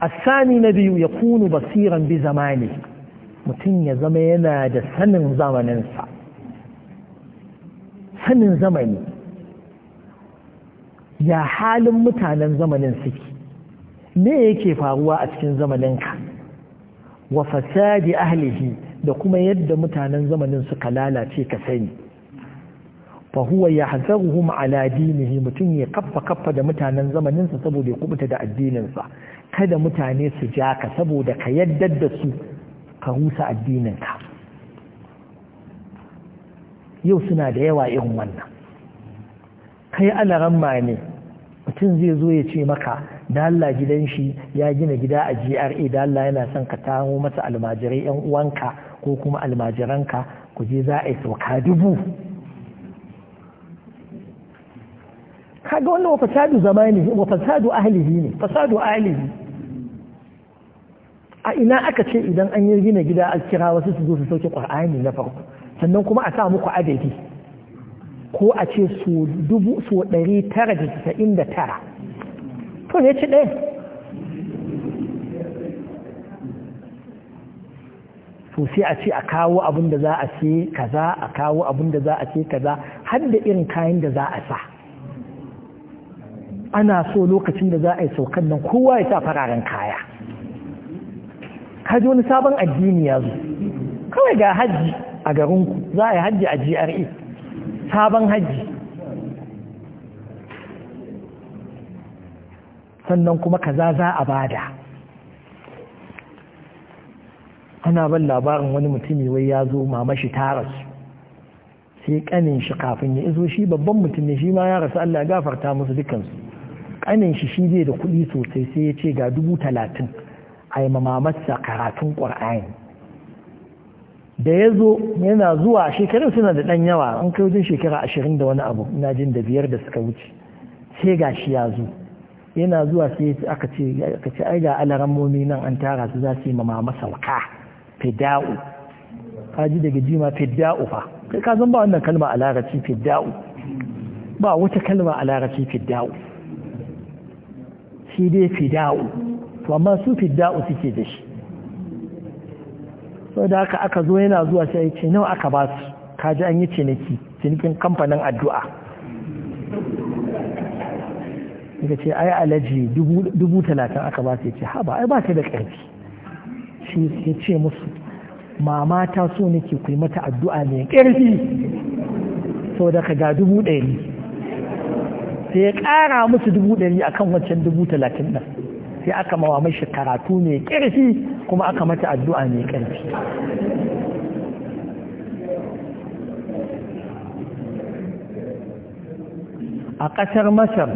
Speaker 1: A sani na biyu ya kunu basiran bi zamani mutum ya zama yana da sanin zamaninsa sanin zamani ya halin mutanen zamanin suke me yake faruwa a cikin zamaninka wa fasadi ahlihi da kuma yadda mutanen zamanin suka lalace ka sani fa huwa yahzaruhum ala dinihi mutum ya kaffa kaffa da mutanen zamanin sa saboda ya kubuta da addinin sa kada mutane su ja ka saboda ka yaddar da su ka rusa addinin ka yau suna da yawa irin wannan kai alaran ma ne mutum zai zo ya ce maka da Allah gidan shi ya gina gida a GRA da Allah yana son ka taro masa almajirai yan uwanka ko kuma almajiranka ku je za a yi sauka dubu kaga wannan wa fasadu zamani wa fasadu ahlihi ne fasadu ahlihi a ina aka ce idan an yi gina gida a kira wasu su zo su sauke qur'ani na farko sannan kuma a sa muku adadi ko a ce su dubu su ɗari tara da tasa'in da tara to ne ci ɗaya to sai a ce a kawo abin da za a ce kaza a kawo abin da za a ce kaza har da irin kayan da za a sa ana so lokacin da za a yi saukan nan kowa ya sa fararen kaya kaji wani sabon addini ya zo kawai ga hajji a garinku za a yi hajji a GRA sabon hajji sannan kuma kaza za a bada ana ban labarin wani mutumi wai ya zo mama shi ta rasu sai kanin shi kafin ya izo shi babban mutum ne shi ma ya rasu Allah ya gafarta musu dukansu kanin shi shi zai da kuɗi sosai sai ya ce ga dubu talatin a yi mamamarsa karatun ƙwar'ayin da ya zo yana zuwa shekarun suna da ɗan yawa an kai wajen shekara ashirin da wani abu ina jin da biyar da suka wuce sai ga shi ya zo yana zuwa sai aka ce aka ai ga alarammomi nan an tara su za su yi mamamasa waka fidda'u ka ji daga jima fidda'u fa kai ka zan ba wannan kalma a fidda'u ba wata kalma a fidda'u shi dai fida'u to amma su fida'u suke da shi sau da haka aka zo yana zuwa sai ya ce nawa aka ba su kaji an yi ciniki cinikin kamfanin addu'a suka ce ai alaji dubu talatin aka ba su ya ce haba ai ba ta da ƙarfi shi ya ce musu mamata ta so nake ku mata addu'a ne ƙarfi sau da ka ga dubu ɗari sai ya ƙara musu dubu ɗari a kan waccan dubu talatin nan sai aka mawa mashi karatu mai ƙarfi kuma aka mata addu'a mai ƙarfi a ƙasar masar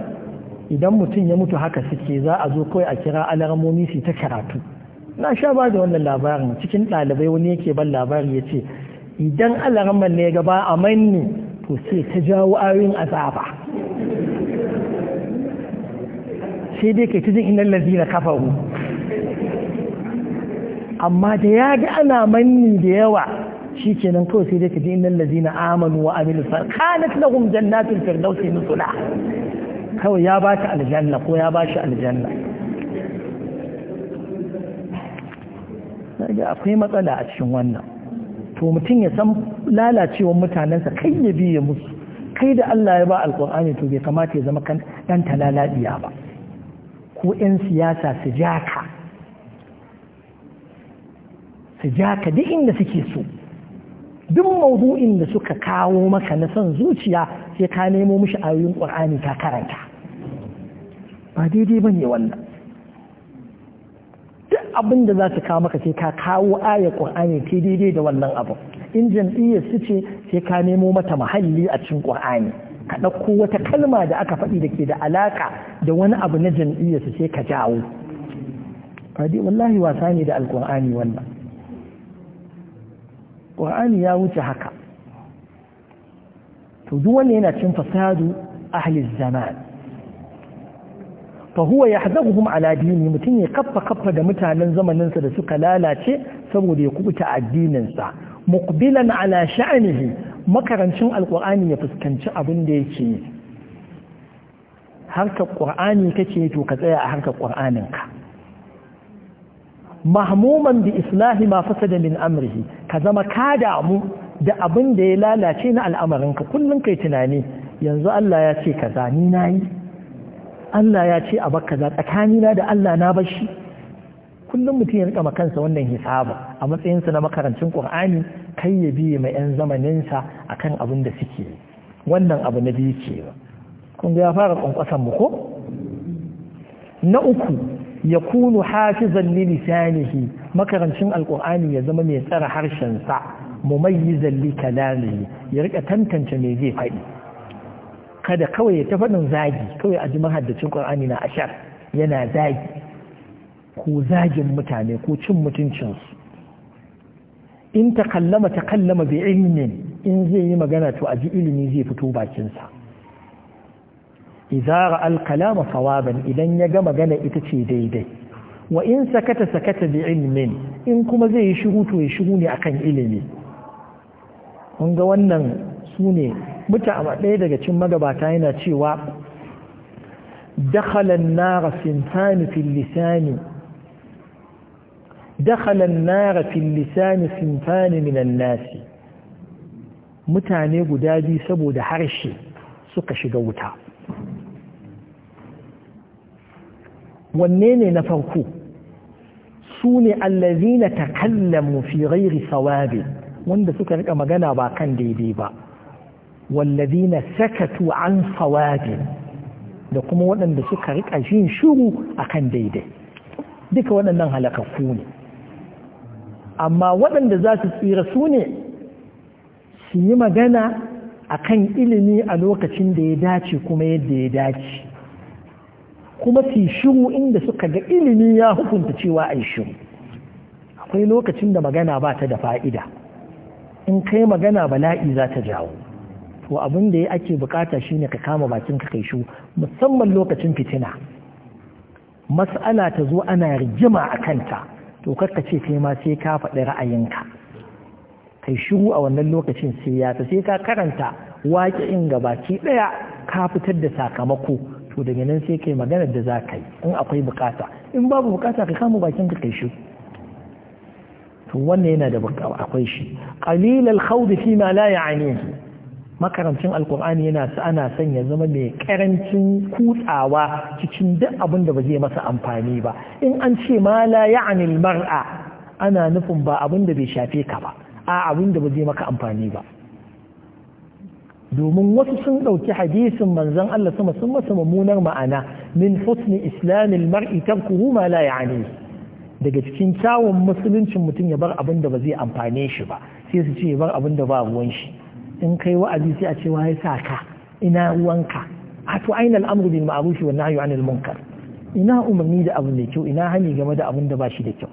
Speaker 1: idan mutum ya mutu haka suke za a zo kawai a kira alarmomi su ta karatu na sha ba da wannan labarin cikin ɗalibai wani yake ban labari ya ce idan alarman ne gaba a manni to sai ta jawo ayoyin azaba sai dai kai ta jin inal kafa kafaru amma da ya ga ana manni da yawa shi nan kawai sai dai ka ji lalzi na amanu wa amilu sa kanat lahum jannatul firdausi nuzula kawai ya ba ta aljanna ko ya ba shi aljanna ga akwai matsala a cikin wannan to mutum ya san lalacewar mutanensa kai ya ya musu kai da Allah ya ba alkur'ani to bai kamata ya zama kan dan talalabiya ba ko 'yan siyasa su ja ka su ja ka duk inda suke so duk maudu'in da suka kawo maka na son zuciya sai ka nemo mishi ayoyin ƙwar'ani ka karanta ba daidai ba ne wannan duk abin da za su kawo maka sai ka kawo ayar ƙwar'ani ta daidai da wannan abu in jam'iyyar su ce sai ka nemo mata muhalli a cikin ƙwar'ani ka ɗauko wata kalma da aka faɗi da ke da alaƙa da wani abu na jam'iyyarsu sai ka jawo kadi wallahi wasa ne da alƙur'ani wannan ƙur'ani ya wuce haka to duk wanda yana cin fasadu ahli zaman fa huwa yahzabuhum ala dini mutum ya kaffa kaffa da mutanen zamaninsa da suka lalace saboda ya kubuta addininsa muqbilan ala sha'nihi makarancin alkur'ani ya fuskanci abin da yake yi harkar ƙur'ani kake to ka tsaya a harkar ƙur'aninka mahmuman bi islahi ma da min amrihi ka zama ka damu da abin da ya lalace na al'amarinka kullum kai tunani yanzu Allah ya ce kaza ni nayi Allah ya ce a bakka za tsakanina da Allah na bashi kullum mutum ya rika kansa wannan hisaba a matsayinsa na makarancin qur'ani kai ya biye ma yan zamaninsa akan abin da suke wannan abu na biyu ce kun ga ya fara kwankwasan mu ko na uku ya kunu hafizan li lisanihi makarancin alqur'ani ya zama mai tsara harshen sa mumayyizan li kalamihi ya rika tantance mai zai faɗi kada kawai ya ta faɗin zagi kawai a ji mahaddacin qur'ani na ashar yana zagi ko zagin mutane ko cin mutuncinsu in ta kallama ta kallama bi ilmin in zai yi magana to a ji ilimi zai fito bakinsa izara alkalama sawaban idan ya ga magana ita ce daidai wa in sakata sakata bi ilmin in kuma zai yi shiru to ya shiru ne akan ilimi kun ga wannan su ne a ɗaya daga cin magabata yana cewa dakhalan nara sintani fil lisani dakhala an-nar fi lisan sinfan mutane guda biyu saboda harshe suka shiga wuta wanne ne na farko su ne allazina takallamu fi ghairi sawabi wanda suka rika magana ba kan daidai ba wallazina sakatu an sawabi da kuma waɗanda suka rika jin shiru akan daidai duka waɗannan halakakku ne amma waɗanda za su tsira su ne su yi magana a kan ilimi a lokacin da ya dace kuma yadda ya dace kuma su shiru inda suka ga ilimi ya hukunta cewa a shiru akwai lokacin da magana ba ta da fa'ida in kai magana bala'i za ta jawo to abin da ya ake bukata shi ne ka kama bakin ka kai shu musamman lokacin fitina mas'ala ta zo ana rigima a kanta to ka ce kai ma sai ka faɗi ra'ayinka kai shiru a wannan lokacin sai ya ta sai ka karanta waƙe in baki ɗaya ka fitar da sakamako to daga nan sai kai maganar da za ka yi in akwai bukata in babu bukata ka kama bakin ka kai shiru to wannan yana da akwai shi qalilal khawd fi ma la ya'nihi makarancin alkur'ani yana ana son ya zama mai karancin kutsawa cikin duk abin da ba zai masa amfani ba in an ce ma la ya'nil mar'a ana nufin ba abin da bai shafe ka ba a abin da ba zai maka amfani ba domin wasu sun ɗauki hadisin manzon Allah sama sun masa mummunar ma'ana min husni islamil mar'i tarkuhu ma la ya'ni daga cikin kyawun musuluncin mutum ya bar abin da ba zai amfane shi ba sai su ce ya bar abin da ba ruwan shi in kai wa'azi sai a ce wa ya saka ina ruwanka a to aina al'amru bil ma'ruf wa nahyu anil munkar ina umarni da abin da kyau ina hani game da abin da ba shi da kyau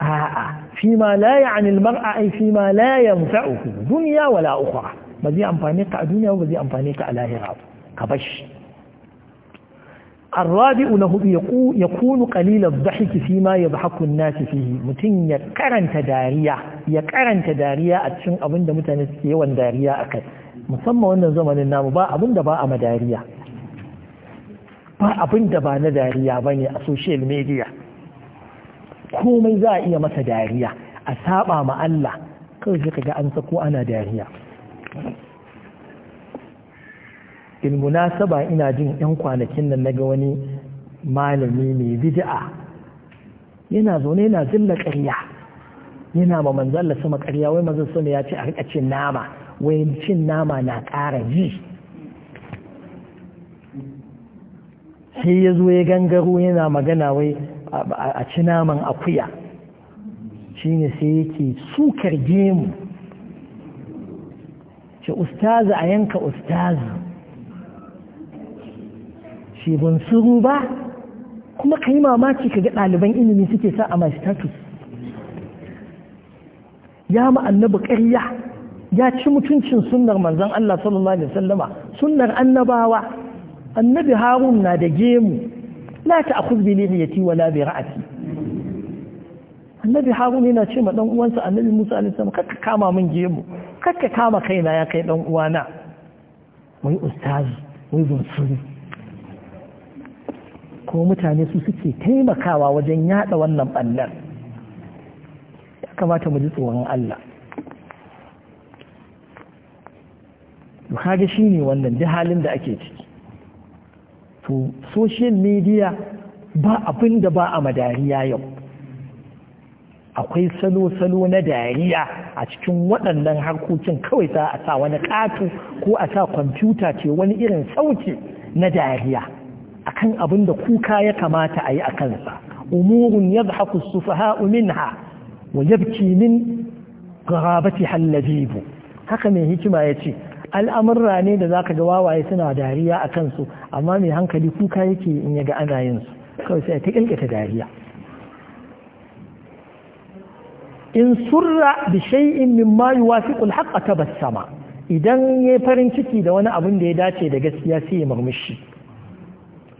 Speaker 1: a'a fi ma la ya'ni al mar'a ai fi ma la yanfa'uhu duniya wala ukhra ba zai amfane ka a duniya ba zai amfane ka a lahira ka bashi الرابع له يكون قليل الضحك فيما يضحك الناس فيه متين يقرن تداريا يقرن تداريا أتشن أبن دا متنس يوان داريا أكد مسمى وانا زمن النام با أبن دا با أما داريا با أبن دا با نداريا بني السوشيال ميديا komai za a iya masa dariya a saba ma Allah kawai sai kaga an sako ana dariya bil munasaba ina jin yan kwanakin nan naga wani malami mai bid'a yana zaune yana zilla ƙarya yana ma manzon Allah sama ƙarya wai manzon sama ya ce a rika cin nama wai cin nama na ƙara ji sai ya zo ya gangaro yana magana wai a ci naman akuya Shi ne sai yake sukar gemu ce ustazu a yanka ustazu ce ban suru ba kuma ka yi mamaki ka ga ɗaliban ilimi suke sa a mai status ya ma'annabi ƙarya ya ci mutuncin sunnar manzan Allah sallallahu alaihi wasallama sunnar annabawa annabi harun na da gemu la ta'khudh bi lihiyati wala bi ra'ati annabi harun yana ce ma dan uwansa annabi Musa alaihi salam kakka kama min gemu kakka kama kaina ya kai ɗan uwana wai ustazi wai bunsuri ko mutane su suke taimakawa wajen yada wannan ɓallar ya kamata mu ji tsoron Allah kaga shi ne wannan duk halin da ake ciki to social media ba abin da ba a madariya yau akwai salo-salo na dariya a cikin waɗannan harkokin kawai za a sa wani ƙatu ko a sa kwamfuta ce wani irin sauki na dariya akan abin da kuka ya kamata a yi a kansa umurun ya zahaku sufaha minha wa yabki min garabati hallabibu haka mai hikima ya ce al'amurra ne da zaka ga wawaye suna dariya a kansu amma mai hankali kuka yake in ya ga ana yin su kawai sai ta kilkata dariya in surra bi shay'in mimma yuwafiqu al-haqqa tabassama idan ya farin ciki da wani abin da ya dace da gaskiya sai ya murmushi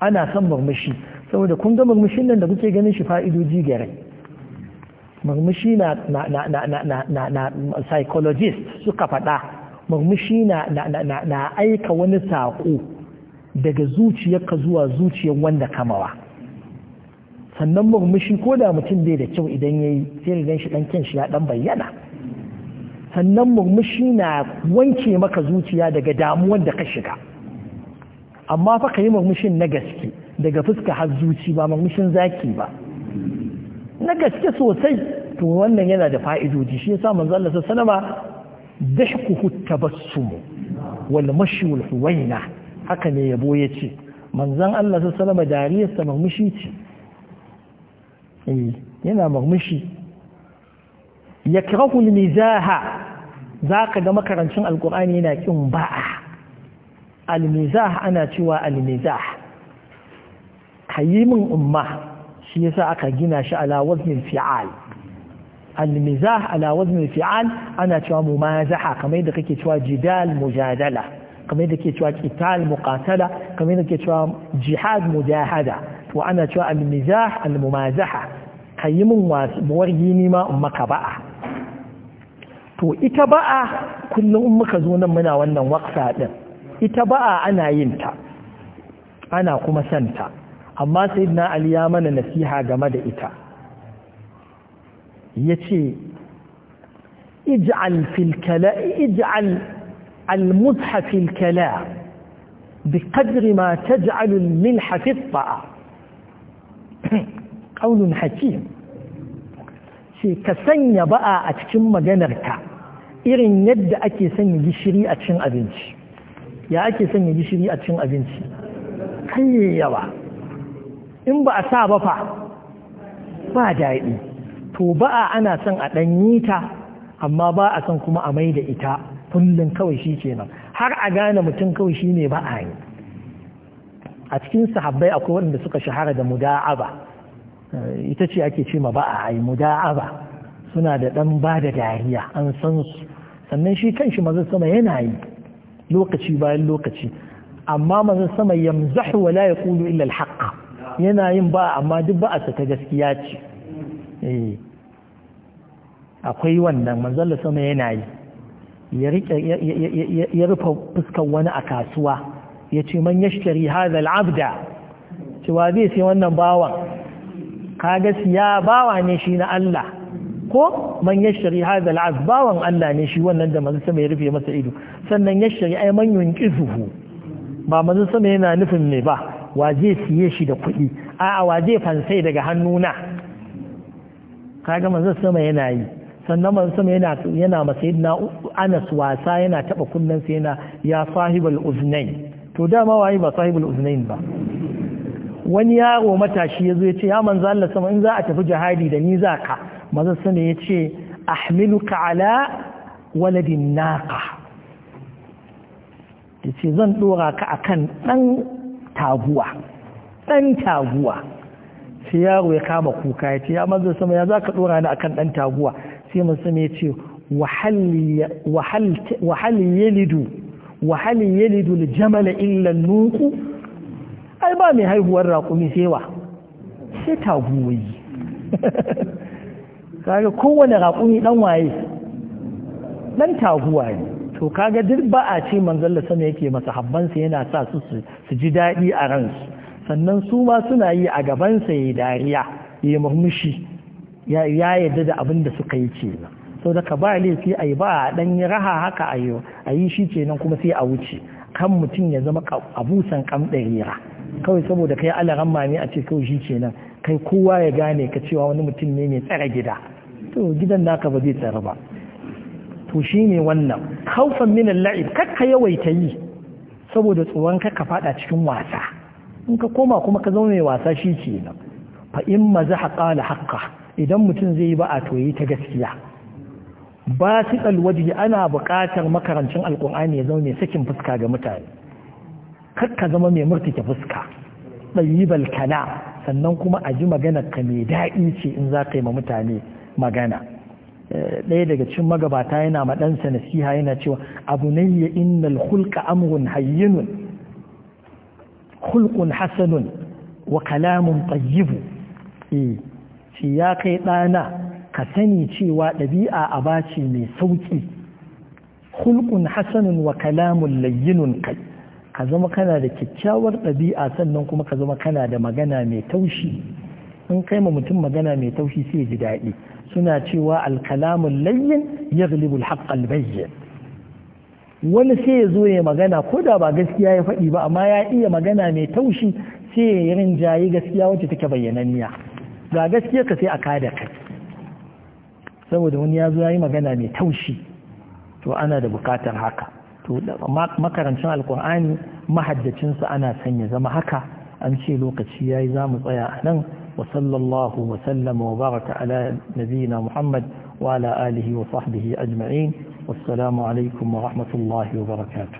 Speaker 1: ana son murmushi saboda kun ga murmushin nan da kuke ganin shi fa'idoji gare murmushi na na na na na na na na psychologist suka faɗa murmushi na na na na na aika wani saƙo daga zuciyarka zuwa zuciyar wanda kamawa sannan murmushi ko da mutum bai da kyau idan ya yi sai ya shi ɗan kyan shi ya ɗan bayyana sannan murmushi na wanke maka zuciya daga damuwar da ka shiga amma fa ka yi murmushin na gaske daga fuska har zuci ba murmushin zaki ba na gaske sosai to wannan yana da fa'idodi shi yasa manzo Allah ba dahkuhu tabassum wal mashyu huwaina haka ne yabo yace manzon Allah dariyar dariyarsa murmushi ce eh, yana murmushi yakrahu al mizaha zaka ga makarancin alqur'ani yana kin ba'a almizah ana cewa almizah min umma shi yasa aka gina shi ala waznil fi'al almizah ala waznil fi'al ana cewa mumazaha kamar da kake cewa jidal mujadala kamar da kake cewa qital muqatala kamar da kake cewa jihad mujahada to ana cewa almizah almumazaha min wargi ni ma ka ba'a to ita ba'a kullum in muka zo nan muna wannan waqfa din ita ba'a ana yin ta ana kuma santa amma sayyidina ali ya mana nasiha game da ita yace ij'al fil kala ij'al al muzhaf al kala بقدر ما تجعل الملح في الطعام قول حكيم sai ka sanya ba'a a cikin maganarka irin yadda ake sanya gishiri a cikin abinci ya ake son ya gishiri a cikin abinci kan yi yawa in ba a sa ba fa ba daɗi to ba a ana son a ɗanyi ta amma ba a son kuma a mai da ita kullum kawai shi kenan har a gane mutum kawai shi ne ba a yi a cikin sahabbai akwai waɗanda suka shahara da muda'aba ita ce ake ce ma ba a yi muda'aba suna da ɗan ba da dariya an san su sannan shi kan shi maza sama yana yi lokaci bayan lokaci amma mazan sama yamzahu wala la yaqulu illa alhaqa yana yin ba amma duk ba ta gaskiya ce eh. akwai wannan manzon sama yana yi ya rike ya rufe fuskar wani a kasuwa ya ce man yashtari hadha alabda abda cewa zai sai wannan bawan kaga siya bawa ne shi na Allah ko man yashri hadha al'az bawan Allah ne shi wannan da manzo sama ya rufe masa ido sannan yashri ai man yunqizuhu ba manzo sama yana nufin ne ba wa zai siye shi da kuɗi a'a wa zai fansai daga hannuna kaga manzo sama yana yi sannan manzo sama yana yana masayidna Anas wasa yana taba kunnan sa yana ya sahibul uznain to dama wai ba sahibul uznain ba wani yaro matashi ya zo ya ce ya manzo Allah sama in za a tafi jihadi da ni za ka mazan sani ya ce ahmiluka ala waladin naƙa, ya ce zan ɗora ka akan ɗan taguwa ɗan taguwa sai yaro ya kama kuka ya ce ya mazan sama ya za ka ɗora ni akan ɗan taguwa sai mazan ya ce halin yalidu lido yalidu jamala illan nuku ai ba mai haihuwar raƙumi sai wa sai yi kaga kowane raƙumi ɗan waye dan taguwa ne to kaga duk ba a ce manzon sama yake masa habbansa yana sa su su ji daɗi a ransu sannan su ma suna yi a gabansa ya yi dariya ya yi murmushi ya yadda da abin da suka yi ce sau da ka ba laifi a yi ba a ɗan raha haka a yi shi ce nan kuma sai a wuce kan mutum ya zama abusan kam ɗarira kawai saboda kai alaran mami a ce kawai shi ce nan kai kowa ya gane ka cewa wani mutum ne mai tsare gida to gidan naka ba zai tsara ba to shine wannan khaufan min al-la'ib kakka yawaita yi saboda tsoron kakka fada cikin wasa in ka koma kuma ka zama mai wasa shi kenan fa in mazaha qala haqqa idan mutum zai yi ba a toyi ta gaskiya ba su alwaji ana buƙatar makarancin alƙur'ani ya zama mai sakin fuska ga mutane kakka zama mai murtike fuska ɗayyibal balkana sannan kuma a ji maganar ka mai daɗi ce in za ka yi ma mutane magana ɗaya daga cikin magabata yana maɗansa nasiha yana cewa abu ya innal hulka amrun hayyinun hulkun hasanun wa kalamun tayyibu eh shi ya kai ɗana ka sani cewa ɗabi'a Abaci ce mai sauƙi hulkun hasanun wa kalamun layyinun kai ka zama kana da kyakkyawar ɗabi'a sannan kuma ka zama kana da magana mai taushi in kai ma mutum magana mai taushi sai ji daɗi suna cewa alkalamun layyin ya gulibul haƙƙal wani sai ya zo ya magana ko da ba gaskiya ya faɗi ba amma ya iya magana mai taushi sai ya rinjaye gaskiya wacce take bayyananniya ga gaskiya ka sai a kada kai saboda wani ya zo ya yi magana mai taushi to ana da bukatar haka to makarancin alkur'ani mahajjacinsa ana son ya zama haka an ce lokaci ya yi za mu tsaya a nan وصلى الله وسلم وبارك على نبينا محمد وعلى آله وصحبه أجمعين والسلام عليكم ورحمة الله وبركاته